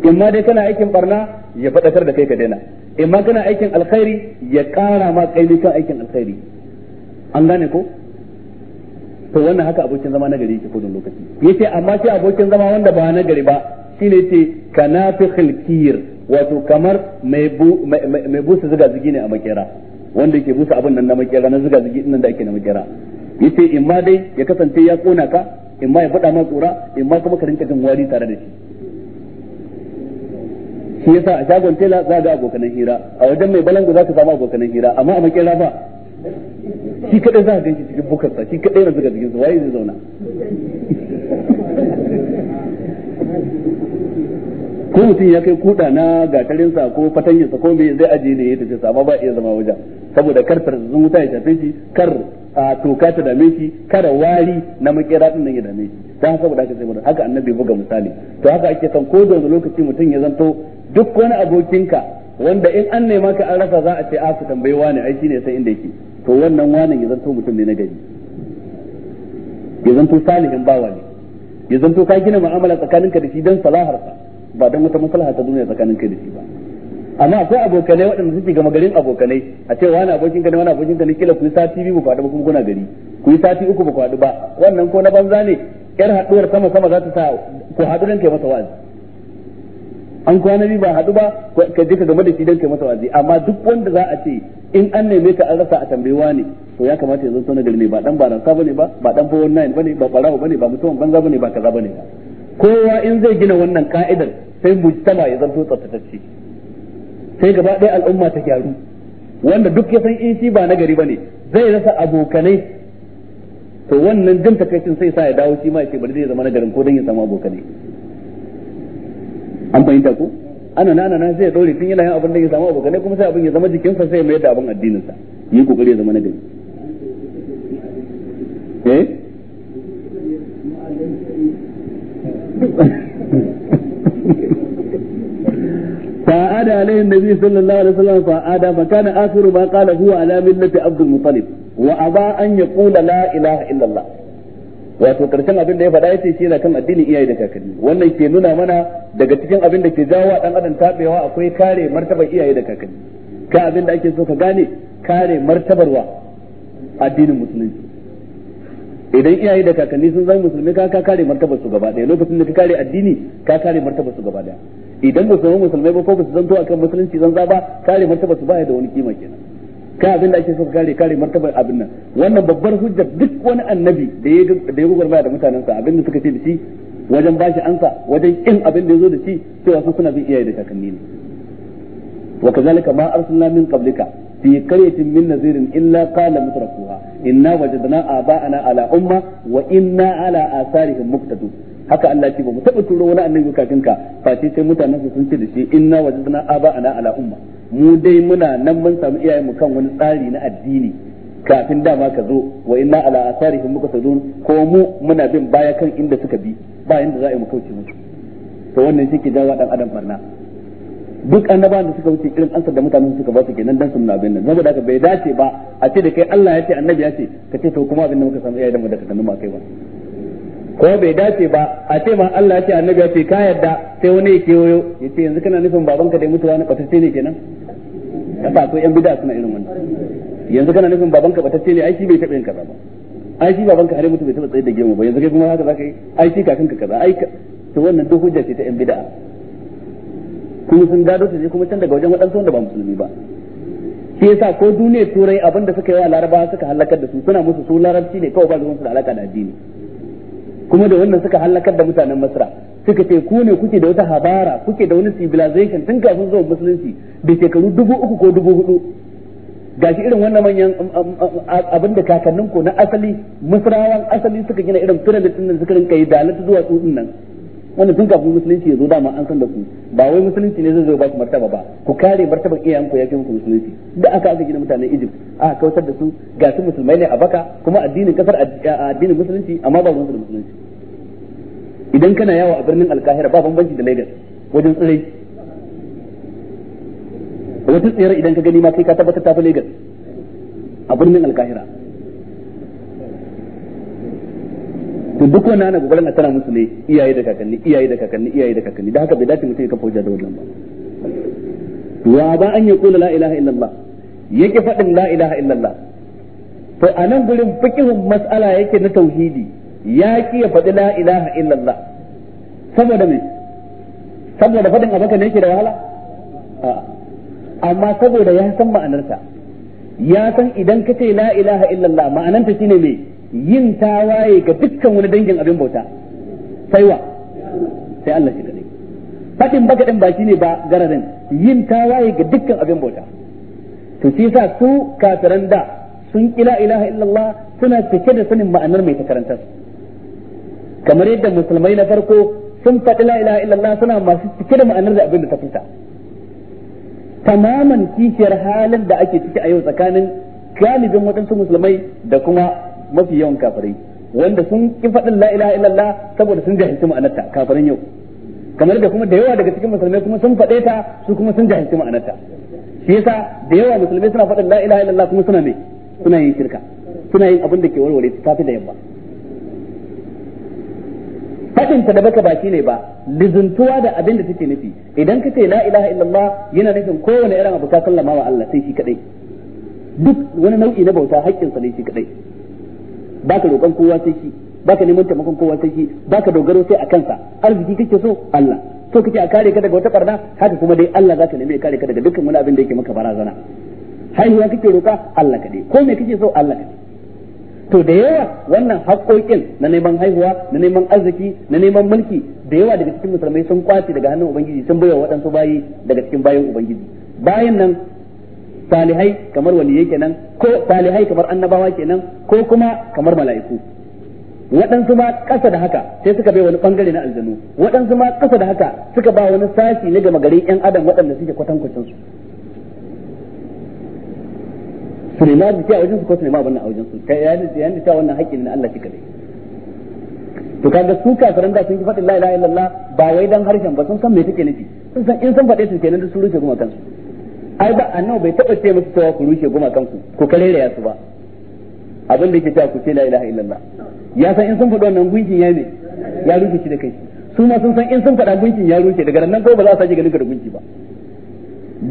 in ma dai kana aikin barna ya faɗakar da kai ka daina in ma kana aikin alkhairi ya ƙara ma kaimi kan aikin alkhairi an gane ko to wannan haka abokin zama na gari yake kodin lokaci yace amma sai abokin zama wanda ba na gari ba shine yace kanafi khilkir wato kamar mai busa zuga zugi ne a makera wanda yake busa abin nan na makera na zuga zugi nan da ake na makera yace in ma dai ya kasance ya kona ka in ma ya faɗa ma tsora in ma kuma ka rinka jin wari tare da shi shi yasa a shagon tela za ga abokanan hira a wajen mai balangu za ka samu abokanan hira amma a makera ba shi kadai za a ganshi cikin bukarsa shi kadai na zuga su waye zai zauna ko mutum ya kai kuda na gatarinsa ko sa ko me zai ajiye ne ya tafi sa ba iya zama wajen saboda kar tarzun wuta ya shafe shi kar a toka ta dame shi kar wari na makera din nan ya dame shi dan saboda haka sai mu haka annabi buga misali to haka ake kan ko da lokaci mutum ya zanto duk wani abokinka wanda in an nema ka an rasa za a ce a ku tambayi wani ai shine sai inda yake to wannan wani ya zanto mutum ne na gari ya zanto salihin bawa ne ya zanto ka gina mu'amala tsakaninka da shi dan salaharsa ba dan wata maslaha ta duniya tsakanin kai da shi ba amma akwai abokanai waɗanda suke gama garin abokanai a ce wani abokin ka wani abokin ka kila ku yi sati biyu ba ku ba kuma kuna gari ku yi sati uku ba ku haɗu ba wannan ko na banza ne yar haɗuwar sama sama za ta sa ku haɗu dan kai masa wa'azi an kwana biyu ba haɗu ba ka je ka game da shi dan kai masa wa'azi amma duk wanda za a ce in an neme ka an rasa a tambayewa ne to ya kamata ya zo sauna gari ne ba dan barasa bane ba ba dan fowon nine bane ba ba bane ba mutumin banza bane ba kaza bane ba kowa in zai gina wannan ka'idar sai mujtama ya zanto tsaftatacce sai gaba ɗaya al'umma ta gyaru wanda duk ya san in shi ba nagari bane zai rasa abokanai to wannan jin takaicin sai sa ya dawo shi ma ya ce bari zai zama nagarin ko dan ya samu abokanai an fahimta ko ana nana na sai ya dore tun yana yin abin da ya samu abokanai kuma sai abin ya zama jikinsa sai ya mayar da abin addininsa yi kokari ya zama nagari eh فعاد عليه النبي صلى الله عليه وسلم فعاد فكان آخر ما قال هو على منة عبد المطلب وأبى أن يقول لا إله إلا الله wato karshen abin da ya faɗa yace shi yana kan addinin iyaye da kakanni wannan ke nuna mana daga cikin abin da ke jawo dan adam tabewa akwai kare martabar iyaye da kakanni ka abin da ake so ka gane kare martabarwa addinin musulunci idan iyaye da kakanni sun zama musulmi ka ka kare martaba su gaba daya lokacin da ka kare addini ka kare martaba su gaba daya idan ba su zama musulmai ba ko ba su zanto akan musulunci zan zaba kare martaba su baya da wani kima kenan ka abin da ake so ka kare kare martaba abin nan wannan babbar hujjar duk wani annabi da ya da ya gurbar da mutanen sa abin da suka ce da shi wajen ba shi ansa wajen kin abin da zo da shi cewa su suna bin iyaye da kakanni ne wa kazalika ma arsalna min qablika fi qaryatin min nazirin illa qala mutrafuha inna wajadna aba'ana ala umma wa inna ala asarihim muqtadun haka Allah ce ba mu taba turo wani annabi kafin ka face sai mutanen su sun ce da shi inna wajadna aba'ana ala umma mu dai muna nan mun samu iyayen mu kan wani tsari na addini kafin dama ka zo wa inna ala asarihim muqtadun ko mu muna bin baya kan inda suka bi ba inda za a yi mu kauce musu to wannan shi ke jawo dan adam barna duk annabawan da suka wuce irin ansar da mutanen suka ba su kenan dan sunna abin nan saboda haka bai dace ba a ce da kai Allah ya ce annabi ya ce ka ce to kuma abin da muka samu da mu da kakannin mu kai ba ko bai dace ba a ce ma Allah ya ce annabi ya ce ka yarda sai wani ya kewayo ya ce yanzu kana nufin babanka da mutuwa na batacce ne kenan ba akwai yan bid'a suna irin wannan yanzu kana nufin babanka batacce ne shi bai taɓa yin kaza ba aiki babanka har mutu bai taɓa tsaye da gemu ba yanzu kai kuma haka zaka yi aiki ka kaza ai to wannan duk hujja ce ta yan bid'a kuma sun gado su je kuma can daga wajen waɗansu wanda ba musulmi ba shi yasa ko duniyar turai abin da suka yi a laraba suka halakar da su suna musu su larabci ne kawai ba su da alaka da addini kuma da wannan suka halakar da mutanen masra suka ce ku ne kuke da wata habara kuke da wani civilization tun kafin zuwa musulunci da shekaru dubu uku ko dubu hudu gashi irin wannan manyan um, um, um, abin da kakanninku na asali musrawan asali suka gina irin pyramid din da suka rinka yi da zuwa tsutsun nan wannan tun kafin musulunci ya zo dama an san da ku ba wai musulunci ne zai zo ba ku martaba ba ku kare martaban iyayen ku ya fi muku musulunci da aka aka gina mutanen Egypt aka kautar da su ga su musulmai ne a baka kuma addinin kasar addinin musulunci amma ba wani musulunci idan kana yawo a birnin Alkahira ba bambanci da Lagos wajen tsirai wata tsira idan ka gani ma kai ka tabbatar ta fi Lagos a birnin Alkahira to duk wannan ana kokarin a tana musu ne iyaye da kakanni iyaye da kakanni iyaye da kakanni da haka bai dace mutum ya kafa hujja da wannan ba wa ba an ya kula la ilaha illallah yake faɗin la ilaha illallah to a nan gurin fikihun mas'ala yake na tauhidi ya ki ya faɗi la ilaha illallah saboda me saboda faɗin abaka ne yake da wahala amma saboda ya san ma'anarsa ya san idan kace la ilaha illallah ma'ananta shine me yin tawaye ga dukkan wani dangin abin bauta sai wa sai Allah shi kadai fadin baka din ba shine ba gararin yin tawaye ga dukkan abin bauta to shi yasa su kafiran da sun kila ilaha illallah suna cike da sanin ma'anar mai takarantar kamar yadda musulmai na farko sun faɗi la ilaha illallah suna masu cike da ma'anar da abin da ta fita tamaman kishiyar halin da ake ciki a yau tsakanin galibin waɗansu musulmai da kuma mafi yawan kafirai wanda sun ki faɗin la ilaha illallah saboda sun jahilci ma'anarta kafirin yau kamar da kuma da yawa daga cikin musulmai kuma sun faɗe ta su kuma sun jahilci ma'anarta shi yasa da yawa musulmai suna faɗin la ilaha illallah kuma suna ne suna yin shirka suna yin abin da ke warware su tafi da yamma faɗin ta da baka baki ne ba lizuntuwa da abin da take nufi idan ka ce la ilaha illallah yana nufin kowane irin abu ka sallama wa Allah sai shi kadai duk wani nau'i na bauta haƙƙinsa ne shi kadai baka roƙon kowa sai shi baka neman taimakon kowa sai shi baka dogaro sai a kansa arziki kake so Allah so kake a kare ka daga wata barna haka kuma dai Allah zaka nemi kare ka daga dukkan wani abin da yake maka barazana haihuwa kake roƙa Allah kaɗai ko me kake so Allah kaɗai to da yawa wannan haƙoƙin na neman haihuwa na neman arziki na neman mulki da yawa daga cikin musulmai sun kwace daga hannun ubangiji sun wa waɗansu bayi daga cikin bayan ubangiji bayan nan salihai kamar waliyai kenan ko salihai kamar annabawa kenan ko kuma kamar mala'iku waɗansu ma ƙasa da haka sai suka bai wani bangare na aljanu waɗansu ma ƙasa da haka suka ba wani sashi na gama garin ƴan adam waɗanda suke kwatankwacin su su nema su a wajen su ko su nema wannan a wajen su kai ya da cewa wannan haƙƙi ne na Allah shi kaɗai to kaga su kafiran da sun ki faɗin la ilaha illallah ba wai dan harshen ba sun san me take nufi sun san in sun faɗe su kenan da su rufe kuma kansu ai ba annabi bai taba ce musu cewa ku rushe goma kanku ku karere ya su ba abin da yake cewa ku ce la ilaha illallah ya san in sun faɗi wannan gunkin ya ne ya rushe shi da kai su ma sun san in sun faɗa gunkin ya rushe daga nan ko ba za a sake ganin ka da gunki ba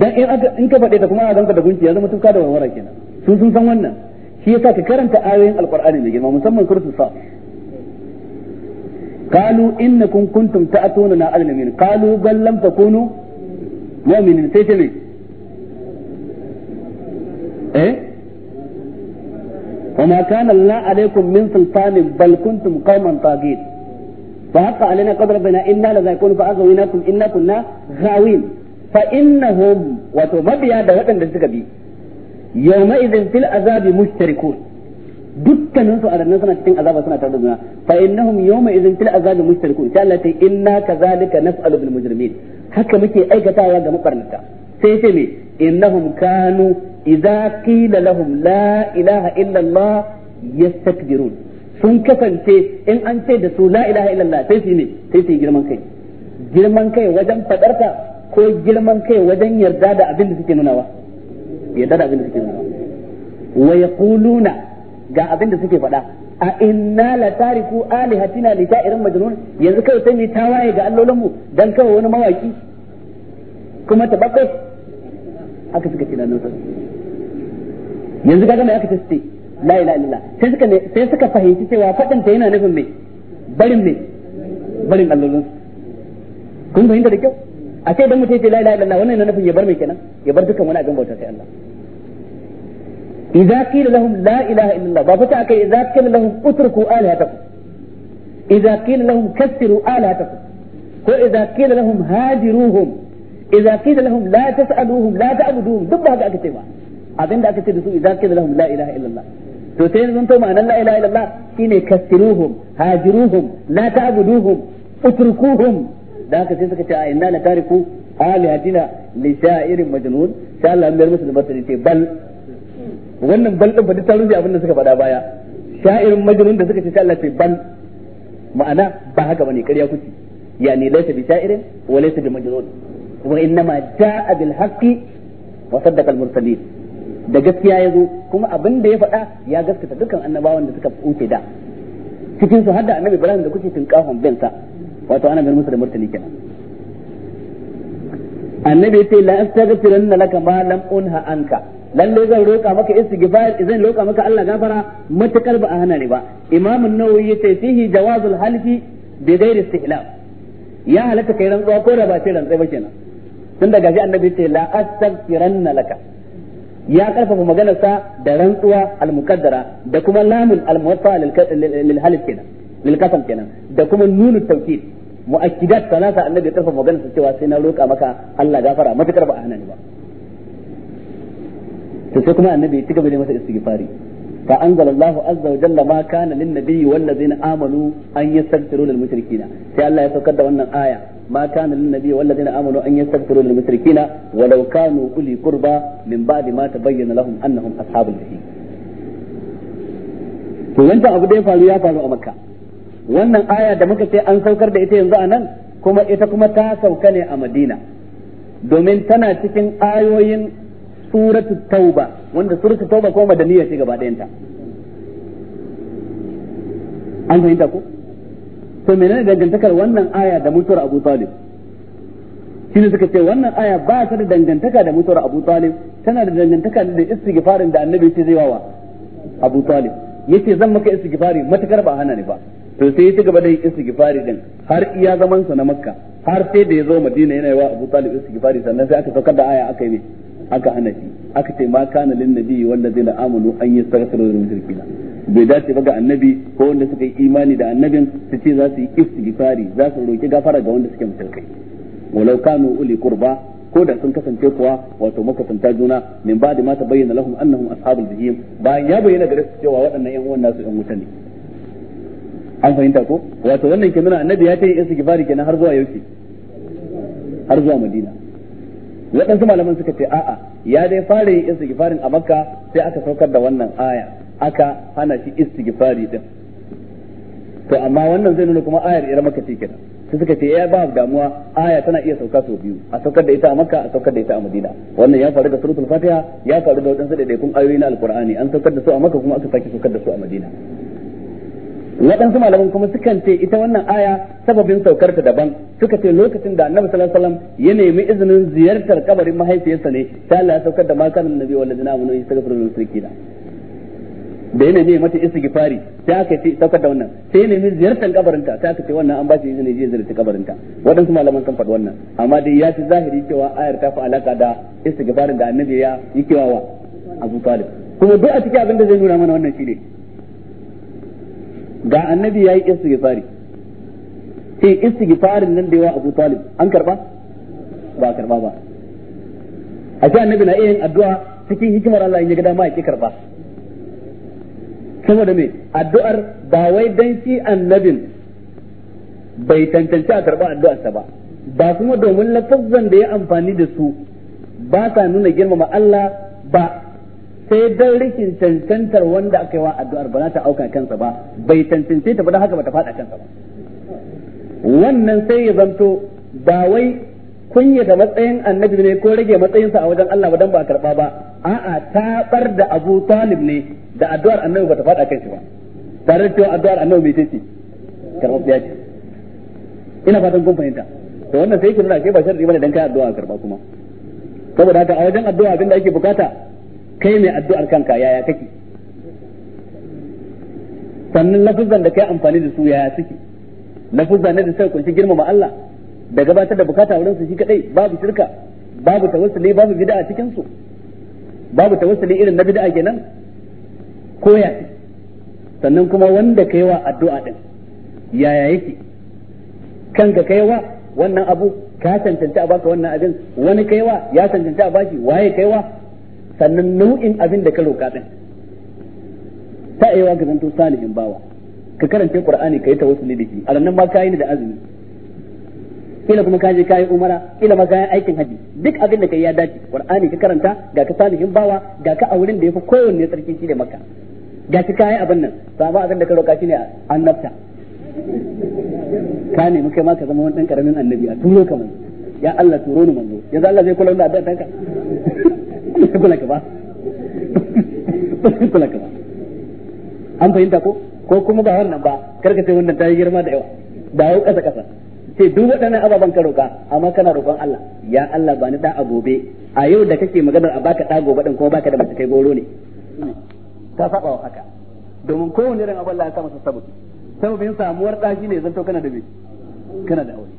dan in aka in ka faɗe ta kuma a ganka da gunki ya zama tuka da warwara kenan su sun san wannan shi yasa ka karanta ayoyin alqur'ani mai girma musamman suratul sa قالوا إنكم كنتم تأتوننا على اليمين قالوا بل لم تكونوا مؤمنين سيتمين eh وما كان لنا عليكم من سلطان بل كنتم قوما طاغين فحق علينا قدر ربنا لذاكون كنا غاوين يومئذ في العذاب مشتركون su a ranar cikin azaba suna tare da fa innahum yawma idhin fil azabi mushtarikun inna kadhalika naf'alu bil haka muke aikatawa ga mabarnata sai sai me innahum kanu idza qila lahum la ilaha illa Allah yastakbirun sun kasance in an ce da su la ilaha illa Allah sai su ne sai su girman kai girman kai wajen fadarta ko girman kai wajen yarda da abin da suke nunawa yarda da abin da suke nunawa wa yaquluna ga abin da suke faɗa a inna la tariku alihatina li sha'irin majnun yanzu kai sai mu tawaye ga allolan mu dan kawai wani mawaki kuma tabakkai haka suka ce da yanzu kaga mai aka ce la ilaha illallah sai suka sai suka fahimci cewa fadin ta yana nufin me barin me barin allolin kun fahimta da kyau a sai dan mutai ce la ilaha illallah wannan yana nufin ya bar me kenan ya bar dukkan wani abin bauta sai Allah idza qila lahum la ilaha illallah ba fata akai idza qila lahum utruku alahatakum idza qila lahum kasiru alahatakum ko idza qila lahum hajiruhum idza qila lahum la tas'aluhum la ta'buduhum duk ba haka aka ce ba abinda aka ce da su idan kila lahum la ilaha illallah to sai yanzu to ma'anar la ilaha illallah shine kasiruhum hajiruhum la ta'buduhum utrukuhum da aka ce suka ce a inna la tariku alihatina li sha'irin majnun sha Allah mai musu da batari ce bal wannan bal din ba duk tarun abin da suka faɗa baya sha'irin majnun da suka ce sha Allah ce bal ma'ana ba haka bane ƙarya kuke yani laysa bi sha'irin wa laysa bi majnun wa innama ja'a bil haqqi wa saddaqa al mursalin da gaskiya ya zo kuma abin da ya faɗa ya gaskata dukkan annabawan da suka wuce da cikin su har da annabi Ibrahim da kuke tinkahon bin sa wato ana mai musu da martani kenan annabi ya ce la astaghfirunna laka ma lam unha anka lalle zan roƙa maka istighfar Idan roƙa maka Allah gafara matakar ba a hana ni ba imam an-nawawi ce fihi jawazul halfi bi ghairi istihlal ya halaka kai rantsuwa ko da ba sai rantsai ba kenan tun daga shi annabi ce la astaghfirunna laka ya karfafa maganarsa da rantsuwa al-muqaddara da kuma lamul al-muwatta lil halif kenan lil qasam kenan da kuma nunu tawkid mu'akkidat salata annabi ya karfafa maganarsa cewa sai na roƙa maka Allah gafara matakar ba a hana ni ba to sai kuma annabi ya ci gaba da masa istighfari fa anzalallahu azza wa jalla ma kana lin nabiyyi wal ladzina amanu an yastaghfiru lil mushrikeena sai Allah ya saukar da wannan aya ما كان للنبي والذين امنوا ان يستغفروا للمشركين ولو كانوا اولي قربى من بعد ما تبين لهم انهم اصحاب الجحيم to yanda abu da ya faru ya faru a makka wannan aya da muka ce an saukar da ita yanzu a nan kuma ita kuma ta sauka ne a madina domin tana cikin ayoyin suratu tauba wanda suratu tauba kuma madaniya ce gaba ɗayanta an fahimta ko to menene dangantakar wannan aya da mutuwar Abu Talib shine suka ce wannan aya ba ta da dangantaka da mutuwar Abu Talib tana da dangantaka da istighfarin da Annabi ce zai wawa Abu Talib yace zan maka istighfari matakar ba hana ni ba to sai ya ci gaba da istighfari din har iya zaman sa na Makka har sai da ya zo Madina yana wa Abu Talib istighfari sannan sai aka saukar da aya aka yi aka hana shi aka ce ma kana lin nabiyyi wallazina amanu an yastaghfiru lil mushrikina bai dace ba ga annabi ko wanda suka yi imani da annabin su ce za su yi istighfari za su roki gafara ga wanda suke musulkai walau kanu uli qurba ko da sun kasance kuwa wato makasanta juna min ba da ma ta bayyana lahum annahum ashabul jahim bayan ya bayyana gare su cewa waɗannan ƴan uwan nasu ƴan wuta ne an fahimta ko wato wannan ke nuna annabi ya ta yi istighfari kenan har zuwa yauke har zuwa madina waɗansu malaman suka ce a'a ya dai fara yin istighfarin a makka sai aka saukar da wannan aya aka hana shi istighfari din to amma wannan zai nuna kuma ayar ira maka ce kenan sai suka ce ya eh, ba damuwa aya tana iya sauka sau biyu a saukar da ita a makka a saukar da ita a madina wannan ya faru da suratul fatiha ya faru da wadansu daidaikun ayoyi na alqur'ani an saukar da su a makka kuma aka sake saukar da su a madina waɗansu malaman kuma sukan ce ita wannan aya sababin saukar ta daban suka ce lokacin da annabi sallallahu alaihi wasallam ya nemi izinin ziyartar kabarin mahaifiyarsa ne ta Allah ya saukar da makan annabi wal ladina amanu yastaghfiru lil mushrikina da yana ne mata gifari sai aka ce saukar da wannan sai yana mai ziyartar kabarinta sai aka ce wannan an ba shi izini je ziyarci kabarinta waɗansu malaman sun faɗi wannan amma dai ya fi zahiri cewa ayar ta fi alaka da gifarin da annabi ya yi kewa wa Abu Talib kuma duk a cikin abin da zai nuna mana wannan shine ga annabi ya yi gifari sai gifarin nan da yawa Abu Talib an karba ba karba ba a ce annabi na iya yin addu'a cikin hikimar Allah in ya ga dama ya ki karba saboda me addu'ar ba wai dan shi annabin bai tantance a karɓa addu'arsa ba ba kuma domin lafazzan da ya amfani da su ba sa nuna girmama Allah ba sai dan rikin cancantar wanda aka yi wa addu'ar ba za ta auka kansa ba bai tantance ta ba don haka ba ta faɗa kansa ba wannan sai ya zanto ba wai kunyata matsayin annabi ne ko rage matsayinsa a wajen Allah ba dan ba karɓa ba a'a tabar da Abu Talib ne da addu'ar annabi bata faɗa kai shi ba tare da cewa addu'ar annabi mai tace karɓar ya ce ina fatan kun fahimta to wannan sai yake nuna kai ba sharri bane dan kai addu'a a karɓa kuma saboda haka a wajen addu'a abinda ake bukata kai mai addu'ar kanka yaya kake sannan lafuzan da kai amfani da su yaya suke lafuzan ne da sai kunshi girmama Allah da gabatar da bukata wurin su shi kadai babu shirka babu tawassuli babu bid'a cikin su babu tawassuli irin na bid'a kenan koya sannan kuma wanda ka yi wa addu'a din yaya yake kanka kai wa wannan abu ka cancanci a baka wannan abin wani kaiwa ya cancanci a baki waye kaiwa sannan nau'in abin da ka roƙa din ta wa ga zanto salihin bawa ka karanta qur'ani yi ta wasu lidiki a nan ma kayi da azumi kila kuma kaje kayi umara kila ma kayi aikin haji duk abin da kai ya dace qur'ani ka karanta ga ka salihin bawa ga ka a wurin da yafi kowanne sarki shi da makka shi kayan abin nan ba ba abin da ka roka shine annabta ka nemi kai ma ka zama wani dan karamin annabi a turo ka manzo ya Allah turo ni manzo yanzu Allah zai kula da addu'a tanka kula ka ba kula ka ba an fahimta ko ko kuma ba wannan ba karka sai wannan ta yi girma da yawa da yau kasa kasa sai duk waɗannan ababen ka roƙa amma kana roƙon Allah ya Allah ba ni da a gobe a yau da kake maganar a baka ɗago gobe din kuma baka da mace kai goro ne ta saba wa haka domin kowane irin abin Allah ya sa masa sababin samuwar ɗaki ne zanto kana da me kana da aure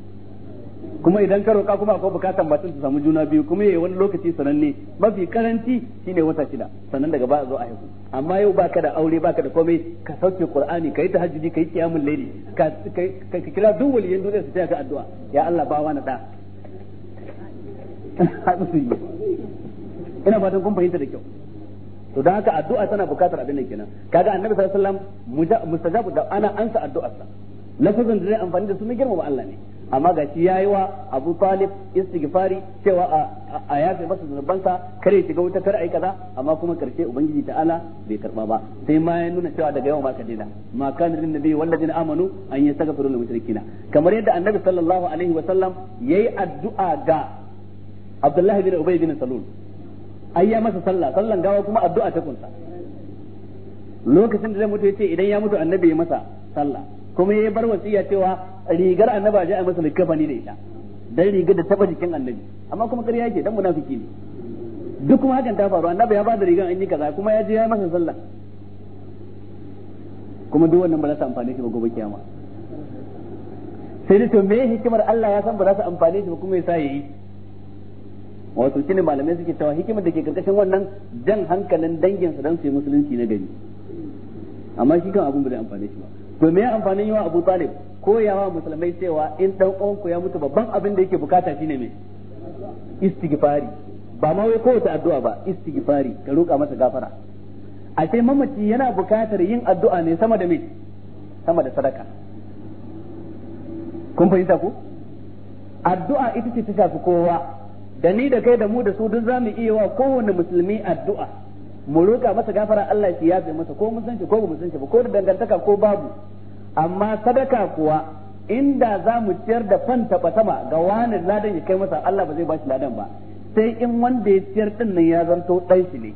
kuma idan ka roƙa kuma akwai bukatan batun su samu juna biyu kuma yayi wani lokaci sananne mafi karanci shine wata shida sannan daga ba a zo a haihu amma yau baka da aure baka da komai ka sauke qur'ani kai tahajjudi kai qiyamul layli ka ka kira duk waliyan duniya su taya ka addu'a ya Allah ba wani da ina fatan kun fahimta da kyau to don haka addu'a tana bukatar abin nan kenan kaga annabi sallallahu alaihi wasallam mustajabu da ana ansa addu'a addu'arsa lafazin da zai amfani da su ne girmama Allah ne amma ga shi yayi wa Abu Talib istighfari cewa a yafe masa zunubansa kare shiga wuta kar ai kaza amma kuma karshe ubangiji ta'ala bai karba ba sai ma ya nuna cewa daga yau ma ka daina ma kana rin nabi amanu an yastaghfiru lil mushrikin kamar yadda annabi sallallahu alaihi wa yayi addu'a ga Abdullah bin Ubay bin Salul ai ya masa sallah sallan gawa kuma addu'a ta kunsa lokacin da zai mutu yace idan ya mutu annabi ya masa sallah kuma ya bar wasiya cewa rigar annaba ji a masa likafani da ita dan rigar da taba jikin annabi amma kuma ƙarya yake dan munafiki ne duk kuma hakan ta faru annabi ya bada rigar an yi kaza kuma ya je ya masa sallah kuma duk wannan ba za su amfane shi ba gobe kiyama sai da to me hikimar Allah ya san ba za su amfane shi ba kuma ya sa yayi wato ne malamai suke cewa hikimar da ke karkashin wannan jan hankalin dangin don dan su yi musulunci na gari amma shi kan abun bai amfane shi ba to me yi yawa Abu Talib ko ya wa musulmai cewa in dan uwanku ya mutu babban abin da yake bukata shine me istighfari ba ma wai kowace addu'a ba istighfari ka roƙa masa gafara a sai mamaci yana bukatar yin addu'a ne sama da me sama da sadaka kun fahimta ku addu'a ita ce ta shafi kowa da ni da kai da mu da su duk mu iya wa kowanne musulmi addu'a mu roƙa masa gafara Allah shi yafe masa ko mun san shi ko ba mu san shi ba ko da dangantaka ko babu amma sadaka kuwa inda za mu ciyar da fan taba sama ga wani ladan ya kai masa Allah ba zai ba shi ladan ba sai in wanda ya ciyar din nan ya zanto dan shi ne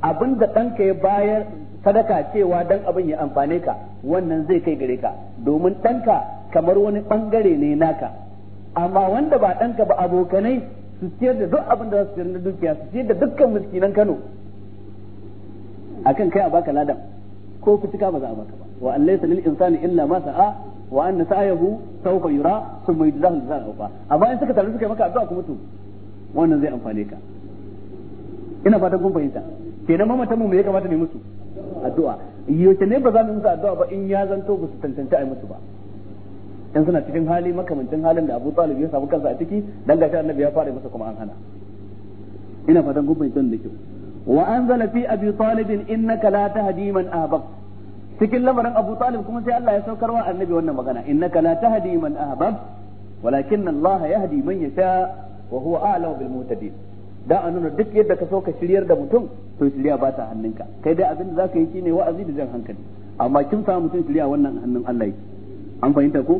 abin da ɗanka ya bayar sadaka cewa dan abin ya amfane ka wannan zai kai gare ka domin ɗanka kamar wani bangare ne naka amma wanda ba ɗanka ba abokanai su ciyar da duk abin da za su ciyar na dukiya su ciyar da dukkan miskinan Kano akan kai a baka ladan ko ku cika ba za a baka ba wa an laysa lil insani illa ma sa'a wa anna sa'ahu sawfa yura thumma yujzahu al-jazaa amma in suka tare suka yi maka addu'a ku mutu wannan zai amfane ka ina fatan kun fahimta kenan mamatan mu me ya kamata ne musu addu'a yau ne ba za mu musu addu'a ba in ya zanto ba su tantance ai musu ba in suna cikin hali makamancin halin da Abu Talib ya samu kansa a ciki dan gashi annabi ya fara masa kuma an hana ina fatan kun fahimta da kyau wa anzala fi abi talib innaka la tahdi man ahbab cikin lamarin Abu Talib kuma sai Allah ya saukar wa annabi wannan magana innaka la tahdi man ahbab walakin Allah yahdi man yasha wa huwa a'lamu bil muhtadin da an nuna duk yadda ka so ka shiryar da mutum to shirya ba ta hannunka kai dai abin da zaka yi shine wa'azi da jan hankali amma kin samu mutum shirya wannan hannun Allah yake an fahimta ko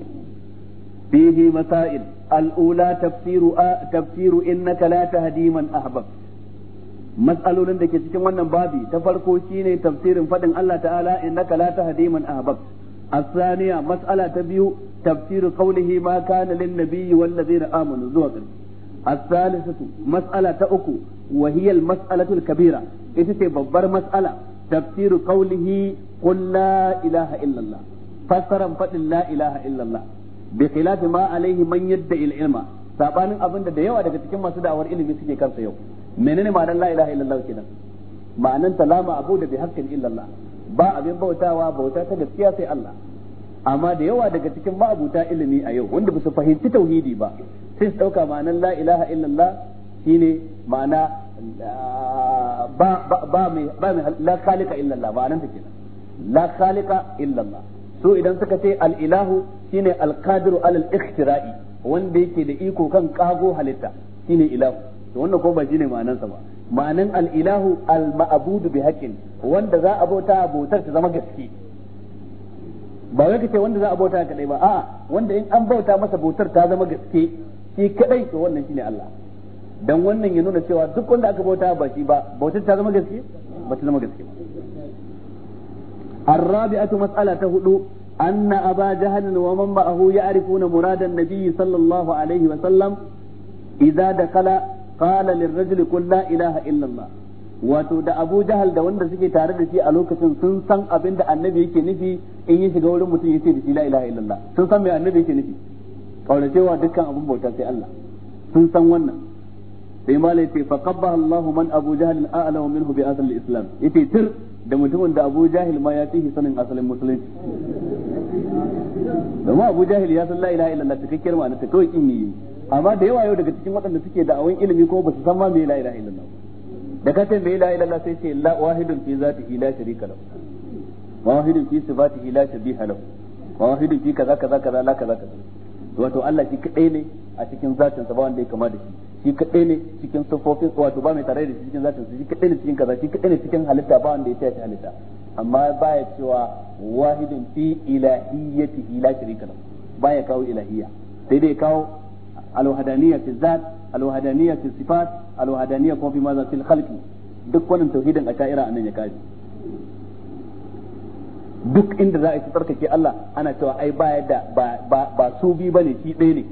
فيه مسائل الأولى تفسير آ... تفسير إنك لا تهدي من أحببت مسألة لك cikin wannan babi ta farko shine tafsirin fadin Allah ta'ala innaka la tahdi man ahbabta الثانية مسألة تبيو تفسير قوله ما كان للنبي والذين آمنوا زوجا الثالثة مسألة تأكو وهي المسألة الكبيرة إتتي ببر مسألة تفسير قوله قل لا إله إلا الله فسرا فقل لا إله إلا الله bi khilafi ma alaihi man yadda ilma sabanin abin da da yawa daga cikin masu da'awar ilimi suke kansa yau menene ma'anar la ilaha illallah kenan ma'anar lama abu da bi haqqin illallah ba abin bautawa bauta ta gaskiya sai Allah amma da yawa daga cikin ma'abuta ilimi a yau wanda ba su fahimci tauhidi ba sai su dauka ma'anar la ilaha illallah shine ma'ana ah, ba ba mai ba mai la khaliqa illallah ba nan take la khaliqa illallah so idan suka ce al ilahu shine alqadiru alal ikhtira'i wanda yake da iko kan kago halitta shine ilahu to wannan ko ba shine ma'anan sa ba ma'anan al ilahu al ma'budu bi haqqin wanda za a bauta bautar ta zama gaske ba wai kace wanda za a bauta kadai ba a'a wanda in an bauta masa bautar ta zama gaske shi kadai to wannan shine Allah dan wannan ya nuna cewa duk wanda aka bauta ba shi ba bautar ta zama gaske ba ta zama gaske ba الرابعة مسألة هدوء أن أبا جهل ومن معه يعرفون مراد النبي صلى الله عليه وسلم إذا دخل قال للرجل قل لا إله إلا الله wato da Abu Jahal da wanda suke tare da shi a lokacin sun san abin da annabi yake nufi in yi shiga wurin mutum yace da shi la ilaha illallah sun san me annabi yake nufi kauracewa dukkan abin bauta sai Allah sun san wannan sai malai ce fa qabbaha Allahu man Abu Jahal a'lamu minhu bi asl islam yace tir da mutumin da Abu Jahil ma ya fi sanin asalin musulunci domin Abu Jahil ya san la ilaha illallah cikakkiyar ma'ana ta kawai kin yi amma da yawa yau daga cikin waɗanda suke da awon ilimi ko ba su san ma me la ilaha illallah da ka ce me la ilaha illallah sai ce la wahidun fi zatihi la sharika lahu wa wahidun fi sifatihi la shabiha lahu wa wahidun fi kaza kaza kaza la kaza kaza wato Allah shi kadai ne a cikin zatinsa ba wanda ya kama da shi shi kaɗai ne cikin sufofin wato ba mai tare da shi cikin zatin shi kaɗai ne cikin kaza shi kaɗai ne cikin halitta ba wanda ya ce shi halitta amma baya cewa wahidin fi ilahiyyati la sharika lahu baya kawo ilahiyya sai dai kawo Alwahadaniya fi zat alwahadaniyya fi sifat alwahadaniyya kuma fi maza fil khalqi duk wannan tauhidin a sha'ira anan ya kare duk inda za a yi tsarkake Allah ana cewa ai baya da ba su bi bane shi ɗaya ne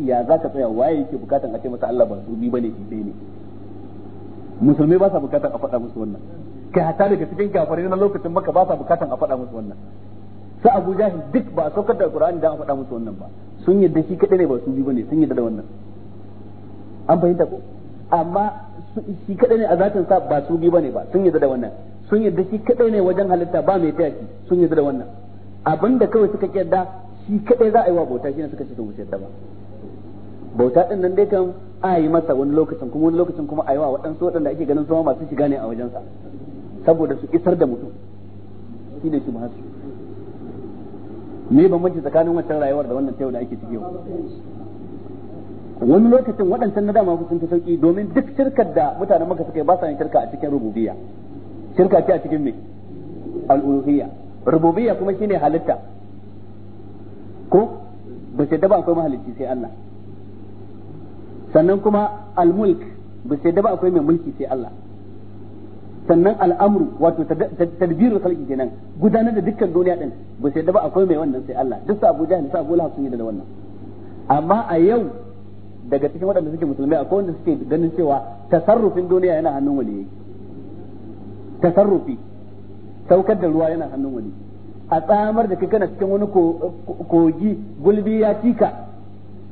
ya za ka tsaya waye yake bukatan a ce masa Allah ba su bi bane shi ne musulmai ba sa bukatan a faɗa musu wannan kai hata daga cikin kafirai na lokacin maka ba sa bukatan a faɗa musu wannan sa Abu Jahil duk ba a saukar da Qur'ani da a faɗa musu wannan ba sun yadda shi kadai ne ba su bi bane sun yadda da wannan an fahimta ko amma shi kadai ne a zatin sa ba su bi bane ba sun yadda da wannan sun yadda shi kadai ne wajen halitta ba mai taya shi sun yadda da wannan abinda kawai suka kiyarda shi kadai za a yi wa bauta shi ne suka ce sun wuce ba bauta din nan dai kan a yi masa wani lokacin kuma wani lokacin kuma a yi wa waɗansu waɗanda ake ganin su masu shiga ne a wajensa saboda su isar da mutum shi ne shi masu me bambanci tsakanin wancan rayuwar da wannan ta da ake ciki wani lokacin waɗancan na dama sun ta sauki domin duk shirkar da mutanen maka suka yi ba sa yin shirka a cikin rububiya. shirka ce a cikin me al'uluhiyya Rububiya kuma shine halitta ko ba shi da ba akwai mahalicci sai Allah sannan kuma al-mulk ba sai da ba akwai mai mulki sai Allah sannan al'amru wato tadbirul khalqi kenan gudanar da dukkan duniya din ba sai da ba akwai mai wannan sai Allah duk sa Abu Jahl sa Abu Lahab sun yi da wannan amma a yau daga cikin waɗanda suke musulmai akwai wanda suke ganin cewa tasarrufin duniya yana hannun yake tasarrufi saukar da ruwa yana hannun wani a tsamar da kai kana cikin wani kogi gulbi ya cika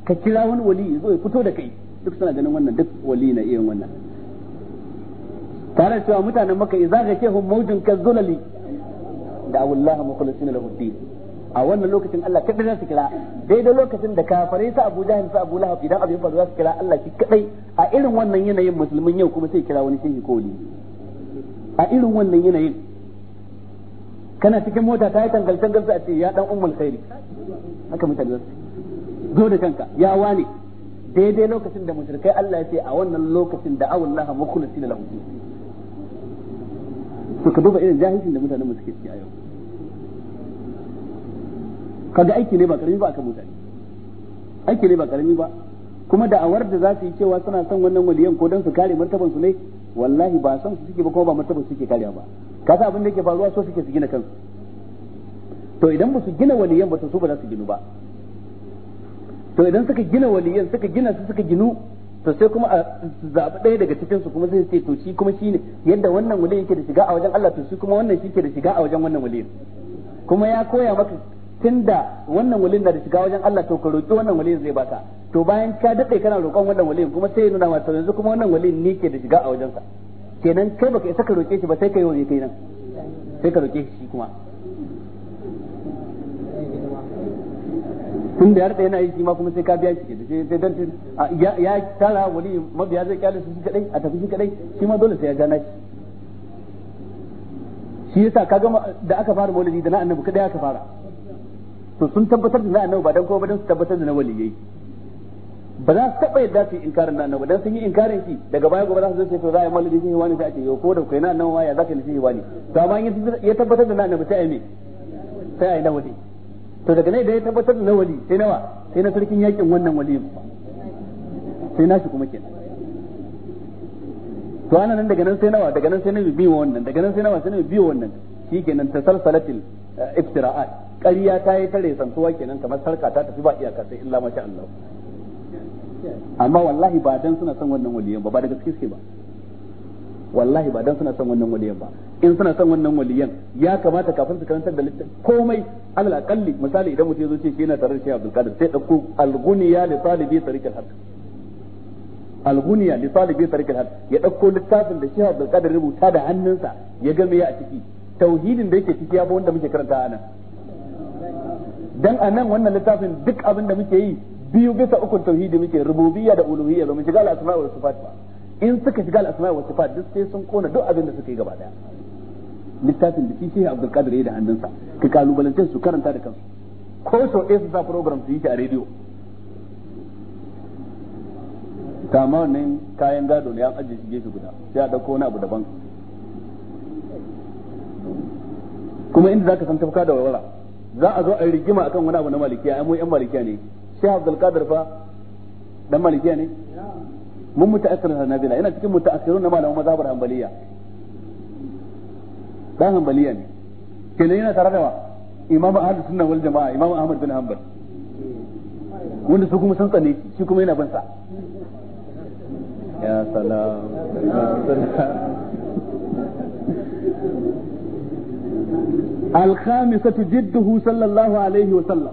ka kira wani wali zo ya fito da kai duk suna ganin wannan duk wali na iya wannan tare da cewa mutanen maka idza gashehum mawjun kazzulali da wallahi mukhlisina lahu din a wannan lokacin Allah kadai za su kira daidai lokacin da kafirai sa Abu Jahil sa Abu Lahab idan abin faru za su kira Allah ki kadai a irin wannan yanayin musulmin yau kuma sai kira wani shehi ko wali a irin wannan yanayin kana cikin mota ta yi tangal tangal sai a ce ya dan ummul khairi haka mutane zo da kanka ya wane daidai lokacin da mushrikai Allah ya ce a wannan lokacin da awullaha mukhlisina lahu to ka duba irin jahilcin da mutanen mu suke ciki a yau kaga aiki ne ba karami ba akan mutane aiki ne ba karami ba kuma da'awar da za su yi cewa suna son wannan waliyan ko don su kare martaban su ne wallahi ba son su suke ba kuma ba martaban su suke karewa ba ka san abin da yake faruwa so suke su gina kansu to idan ba su gina waliyan ba to su ba za su ginu ba to idan suka gina waliyan suka gina su suka ginu to sai kuma a zaɓi ɗaya daga cikin su kuma sai ce to shi kuma shine yadda wannan wali yake da shiga a wajen Allah to shi kuma wannan shi ke da shiga a wajen wannan waliyan kuma ya koya maka tunda wannan waliyan na da shiga wajen Allah to ka roƙi wannan waliyan zai baka to bayan ka daɗe kana roƙon wannan waliyan kuma sai ya nuna masa yanzu kuma wannan waliyan ni ke da shiga a wajensa kenan kai baka isa ka roƙe shi ba sai kai wani kai nan sai ka roƙe shi kuma tun da ya rada yana yi shi ma kuma sai ka biya shi ke sai dan ya tara wani mabiya zai kyale su kadai a tafi shi kadai shi ma dole sai ya gana shi shi yasa kaga da aka fara maulidi da na annabi kadai aka fara to sun tabbatar da na annabi ba dan kuma ba dan su tabbatar da na wali yayi ba za su taɓa yadda su yi inkarin na annabi dan sun yi inkarin shi daga baya gobe za su zai to za a yi maulidi shi wani sai a ce yau ko da kai na annabi ya za ka yi shi wani to amma ya tabbatar da na annabi sai a yi me sai a yi na wali to daga nan idan ya tabbatar da na wali sai nawa sai na sarkin yakin wannan wali sai nashi kuma kenan to ana nan daga nan sai nawa daga nan sai na biyo wannan daga nan sai nawa sai na biyo wannan shikenan salsalatil eh, iftira'at ƙarya ta yi tare santuwa kenan kamar sarka ta tafi ba iyaka sai illa masha Allah amma wallahi ba dan suna son wannan waliyan ba ba da gaske ba wallahi ba dan suna son wannan waliyan ba in suna son wannan waliyan ya kamata kafin su karantar da littafin komai alal aqalli misali idan mutum ya zo ce shi yana tare da Sheikh Abdul Qadir sai dauko al-ghuniya li talibi tariq al-haq al-ghuniya li talibi tariq al ya dauko littafin da Sheikh Abdul Qadir rubuta da hannunsa ya ga me a ciki tauhidin da yake ciki ya ba wanda muke karanta a nan dan a nan wannan littafin duk abin da muke yi biyu bisa ukun tauhidi muke rububiyya da uluhiyya ba mu shiga al-asma' wa sifat ba in suka shiga al'asma wa sifat duk sai sun kona duk abin da suka yi gaba daya littafin da shi Sheikh Abdul kadir ya da hannunsa ka kalubalance su karanta da kansu ko so ɗaya su sa program su yi shi a rediyo kama wannan kayan gado ne an ajiye shi gefe guda sai a dauko wani abu daban kuma inda za ka san tafka da warwara za a zo a yi rigima akan wani abu na malikiya ai mu yan malikiya ne Sheikh Abdul kadir fa dan malikiya ne mun mutaakhirun hanabila yana cikin mutaakhirun na malaman mazhabar hanbaliya dan hanbaliya ne kenan yana tare da imam ahlus sunna wal jamaa imam ahmad bin hanbal wanda su kuma san tsane shi kuma yana bansa ya salam الخامسة جده صلى الله عليه وسلم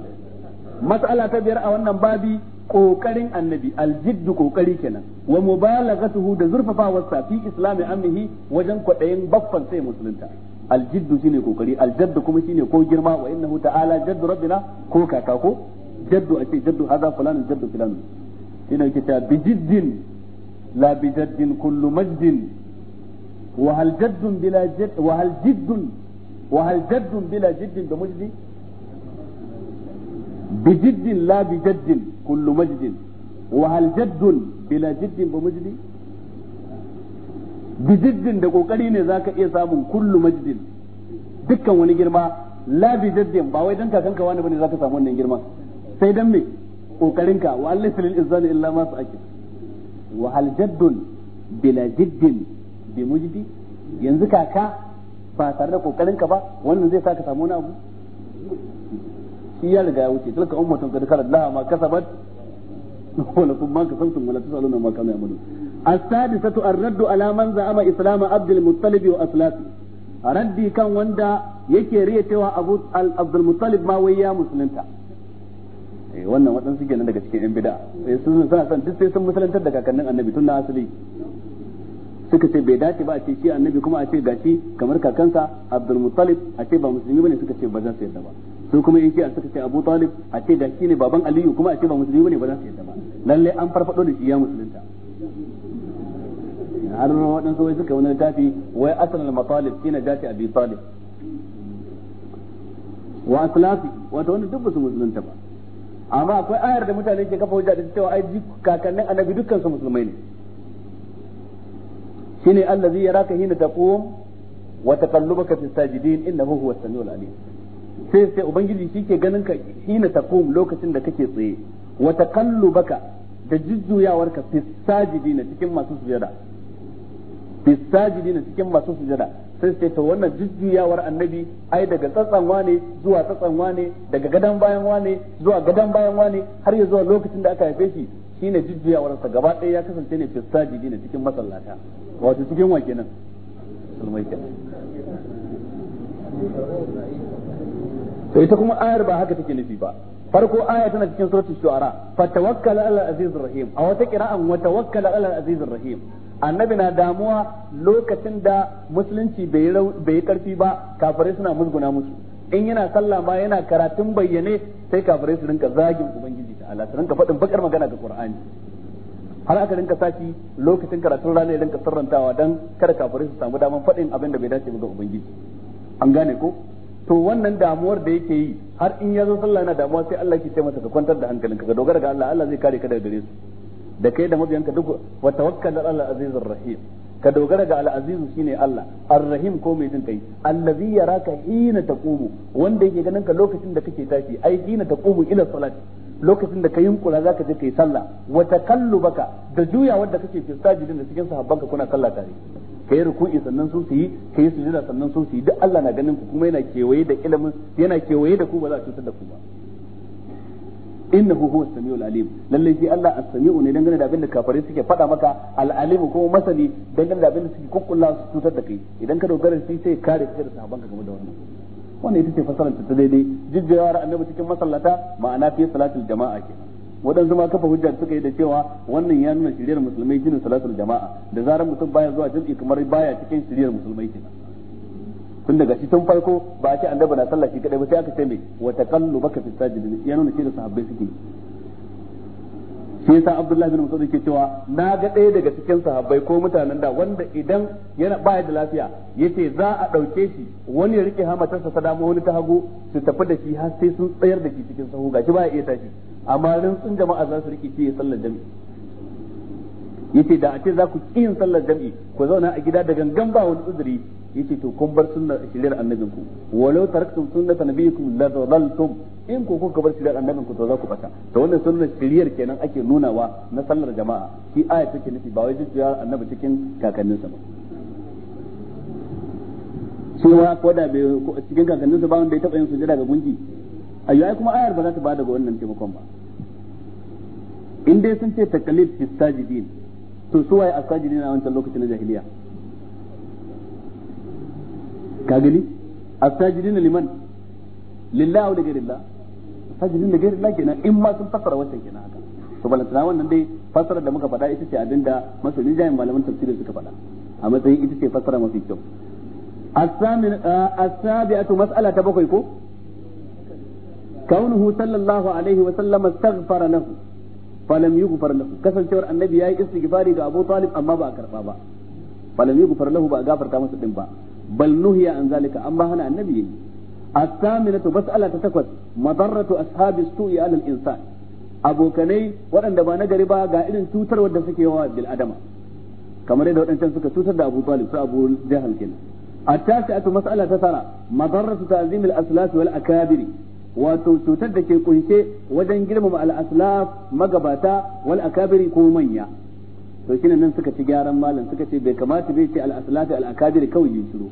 مسألة تبير أو أن بابي kokarin annabi aljiddu kokari kenan wa mubalaghatuhu da zurfafawarsa fi islami ammihi wajen kwadayin baffan sai musulunta aljiddu shine kokari aljaddu kuma shine ko girma wa innahu ta'ala jaddu rabbina ko kakako. ko jaddu ace jaddu hadha fulanun jaddu fulanun shine yake ta bijiddin la bijaddin kullu majdin wa hal jaddun bila jadd wa hal jiddun wa hal jaddun bila jiddin da mujdi بجد لا بجد كل مجد وهل جد بلا جد بمجد bijiddin da kokari ne zaka iya samun kullu majdin dukkan wani girma la bijiddin ba wai dan kakanka wani bane zaka samu wannan girma sai dan me kokarinka wa Allah lil insani illa ma sa'akid wa hal jaddun bila jiddin bi mujdi yanzu kaka ba tare da kokarinka ba wannan zai saka samu wani abu shi ya riga ya wuce tilka ummatun kad khalat laha ma kasabat wala kum ma kasabtum wala tusaluna ma kana ya'malun as-sadisatu ar-raddu ala man za'ama islam Abdul muttalib wa aslafi raddi kan wanda yake riya cewa abu abd al-muttalib ma wai ya musulunta eh wannan waɗansu nan daga cikin yan bid'a sai eh, sun san duk sai sun musulantar da kakannin annabi tun na asali suka ce bai dace ba a ce shi annabi kuma a ce gashi kamar kakansa abdul muttalib a ce ba musulmi bane suka ce ba za su yarda ba su kuma yake a suka ce Abu Talib a ce da shi ne baban Aliyu kuma a ce ba musulmi bane ba za su yadda ba lallai an farfado da shi ya musulunta har waɗansu wai suka wani tafi wai asalin matalib shi na dace a bi Talib wa aslafi wata wani duk su musulunta ba amma akwai ayar da mutane ke kafa wajen da cewa ai kakannin annabi dukkan su musulmai ne shine allazi yaraka hina taqum wa taqallubaka fis sajidin innahu huwas samiul alim sai sai ubangiji shi ke ganin ka hina taqum lokacin da kake tsaye wa taqallubaka da jujjuyawarka fi sajidina cikin masu sujada fi sajidina cikin masu sujada sai sai to wannan jujjuyawar annabi ai daga tsatsan wane zuwa tsatsan wane daga gadan bayan wane zuwa gadan bayan wane har ya zuwa lokacin da aka haife shi shine jujjuyawar sa gaba ɗaya ya kasance ne fi sajidina cikin masallata wato cikin wa kenan musulmai kenan to ita kuma ayar ba haka take nufi ba farko aya tana cikin suratul shu'ara fa tawakkal ala azizir rahim a wata qira'an wa tawakkal ala azizir rahim annabi na damuwa lokacin da musulunci bai bai karfi ba kafirai suna musguna musu in yana sallah ma yana karatun bayyane sai kafirai su rinka zagin ubangiji ta'ala su rinka fadin bakar magana ga qur'ani har aka rinka saki lokacin karatun rana ya rinka sirrantawa dan kada kafirai su samu daman fadin abin da bai dace ba ga ubangiji an gane ko to wannan damuwar da yake yi har in ya zo sallah yana damuwa sai Allah ke ce masa ka kwantar da hankalinka ka dogara ga Allah Allah zai kare ka daga gare su da kai da mabiyanka duk wa tawakkal ala azizir rahim ka dogara ga al-azizu shine Allah ar-rahim ko mai jin kai allazi yaraka hina taqumu wanda yake ganin ka lokacin da kake tashi ai hina taqumu ila salati lokacin da ka yunkura zaka je kai sallah wa takallubaka da juya da kake fi sajidin da cikin ka kuna sallah tare kai ruku'i sannan su su yi kai jira sannan su su yi duk Allah na ganin ku kuma yana kewaye da ilimin yana kewaye da ku ba za a cutar da ku ba innahu huwa as-sami'ul alim lalle shi Allah as-sami'u ne dangane da abin da kafare suke faɗa maka al-alim ko masali dangane da abin da suke kukkulla su cutar da kai idan ka dogara shi sai kare kai da sahabban ka game da wannan wannan ita ce fasarar ta daidai jijjiyawar annabi cikin masallata ma'ana fi salatul jama'a kenan waɗansu ma kafa hujja suka yi da cewa wannan ya nuna shiriyar musulmai jinin salatul jama'a da zarar mutum baya zuwa jam'i kamar baya cikin shiriyar musulmai kenan tun daga shi tun farko ba a ce annabi na sallah shi kadai ba sai aka ce mai wa baka fi sajidin ya nuna shi da sahabbai suke shi yasa Abdullahi bin Mas'ud yake cewa na ga ɗaya daga cikin sahabbai ko mutanen da wanda idan yana baya da lafiya yace za a ɗauke shi wani ya rike hamatarsa ta dama wani ta hagu su tafi da shi har sai sun tsayar da shi cikin sahu gashi baya iya tashi amma rinsun jama'a za su rikice sallar jami'i yace da a ce za ku yin sallar jami'i ku zauna a gida da gangan ba wani uzuri yace to kun bar sunnar shirin annabin ku walau taraktum sunnata nabiyikum la dhalaltum in ku kuka bar shirin annabin ku to za ku bata to wannan sunnar shiriyar kenan ake nunawa na sallar jama'a shi aya take nufi ba wai a annabi cikin kakanninsa ba cewa ko da cikin kakanninsa ba wanda ya taba yin sujada ga gunki ayyai kuma ayar ba za ta bada ga wannan taimakon ba in dai sun ce takalif fi sajidin to su waye asajidin a wancan lokacin na jahiliya ka gani asajidin liman lillahi da ghairillah asajidin da ghairillah kenan in ma sun fasara wancan kenan haka to balantana wannan dai fasara da muka faɗa ita ce abinda masoyin jami'in malaman tafsiri suka faɗa a matsayin ita ce fasara mafi kyau السابعة مسألة بقيكو kaunuhu sallallahu alaihi wa sallam astaghfara lahu falam yughfar lahu kasancewar annabi yayi istighfari ga Abu Talib amma ba a karba ba falam yughfar lahu ba a gafarta masa din ba bal nuhiya an zalika amma hana annabi yayi as-saminatu mas'ala ta takwas madarratu ashabi su'i 'ala al-insan abokanai waɗanda ba nagari ba ga irin cutar wadda suke yawa bil adama kamar yadda waɗancan suka cutar da Abu Talib su Abu Jahal mas'ala ta tara madarratu ta'zim al wal akabiri wato cutar da ke kunshe wajen girmama al-aslaf magabata wal akabiri ko manya to shine nan suka ci gyaran malam suka ce bai kamata bai ce al-aslaf al-akabiri kawai yin shiru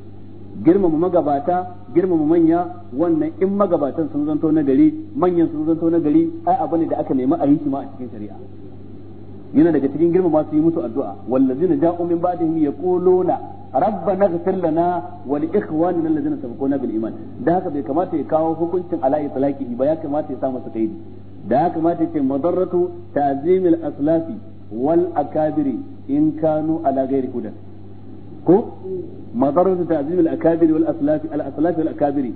girmama magabata girmama manya wannan in magabatan sun zanto na gari manyan sun zanto na gari ai abu ne da aka nemi a yi shi ma a cikin shari'a yana daga cikin girmama su yi musu addu'a wallazina ja'u min ba'dihim yaquluna rabbana ighfir lana wa li ikhwanina alladhina sabaquna bil iman da haka bai kamata ya kawo hukuncin ala talaki ba ya kamata ya sa masa kaidi da haka kamata ya ce madarratu ta'zimil aslafi wal akabiri in kanu ala ghairi hudan ko madarratu ta'zimil akabiri wal aslafi al aslafi wal akabiri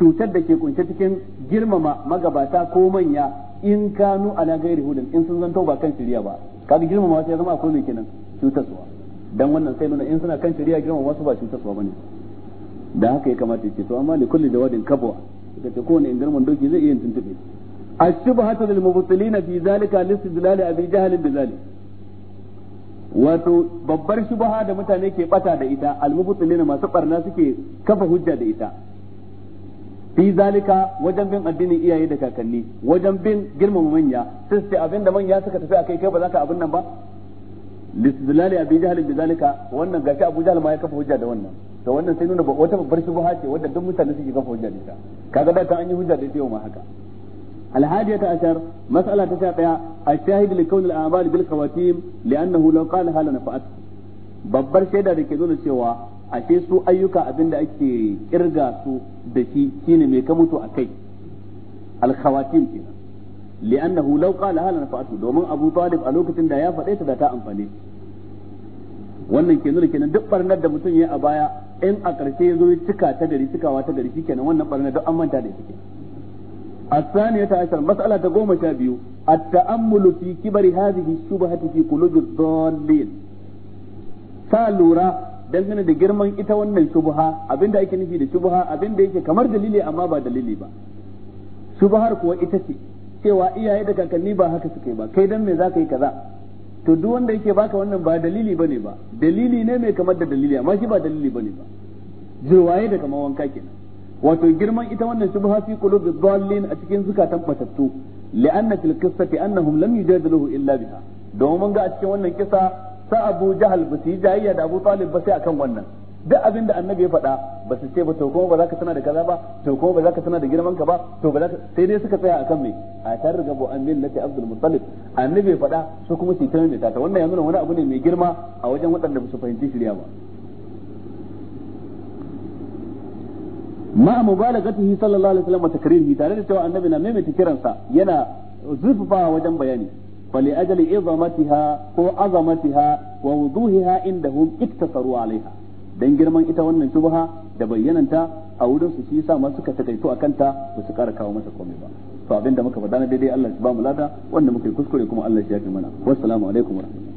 cutar da ke kunshe cikin girmama magabata ko manya in kanu ala ghairi hudan in sun zanto ba kan shirya ba kaga girmama sai zama akwai mai kenan cutarwa dan wannan sai nuna in suna kan shari'a girma wasu ba ba ne da haka ya kamata ya ce to amma li kulli jawadin kabwa suka ce kowane ingarman doki zai iya tuntube ashbahatu lil mubtilina fi zalika listidlal abi jahl bi zalik wato babbar shubha da mutane ke bata da ita al mubtilina masu barna suke kafa hujja da ita fi zalika wajen bin addinin iyaye da kakanni wajen bin girmama manya sai abinda manya suka tafi akai kai ba za ka abin nan ba listidlali abi jahl bi zalika wannan gashi abu jahl ma ya wannan to wannan sai nuna wata babbar shubha ce wanda duk mutane suke kafa hujja da ita kaga da ta an yi hujja da ita yau ma haka الهادية عشر مسألة تسعة الشاهد لكون الأعمال بالخواتيم لأنه لو قالها لنفعته babbar shaida da ke nuna cewa ashe su ayyuka abin da ake kirga su da shi shine mai ka mutu a kai alkhawatim ke li'annahu لو قال hala nafa'atu domin Abu طالب a lokacin da ya faɗe ta da ta amfane wannan ke nuna kenan duk barnar da mutum ya a baya in a ƙarshe ya zo ya cika ta gari cikawa ta gari nan wannan barnar duk an manta da shi ta biyu مسألة قوم شابيو التأمل في كبر هذه الشبهة في قلوب ta lura dangane da girman ita wannan shubha abinda ake nufi da shubha abinda yake kamar dalili amma ba dalili ba shubhar kuwa ita ce cewa iyaye da kakanni ba haka suke ba kai dan me zaka yi kaza to duk wanda yake baka wannan ba dalili bane ba dalili ne mai kamar da dalili amma shi ba dalili bane ba jirwaye da kamar wanka kenan wato girman ita wannan shubha fi qulubi dhallin a cikin zukatan batattu li'anna fil qissati annahum lam yujadiluhu illa biha domin mun ga a cikin wannan kisa sa Abu Jahal ba su yi jayayya da Abu Talib ba sai akan wannan duk abin da annabi ya faɗa ba su ce ba to kuma ba za ka tana da kaza ba to kuma ba za ka tana da girman ka ba to ba za ka sai dai suka tsaya akan me a targabu an lati abdul muttalib annabi ya faɗa su kuma su tana da ta wannan ya nuna wani abu ne mai girma a wajen waɗanda ba su fahimci shirya ba ma mubalagatihi sallallahu alaihi wasallam takririhi tare da cewa annabi na maimaita kiransa yana zurfafa wajen bayani فلأجل إظامتها وعظمتها ووضوحها عندهم اقتصروا عليها dan girman ita wannan shubha da bayyananta a wurin su shi yasa masu suka takaito a kanta ba su kara kawo masa komai ba to abin muka faɗa na daidai Allah ya ba mu lada wanda muka yi kuskure kuma Allah ya fi mana wassalamu alaikum warahmatullahi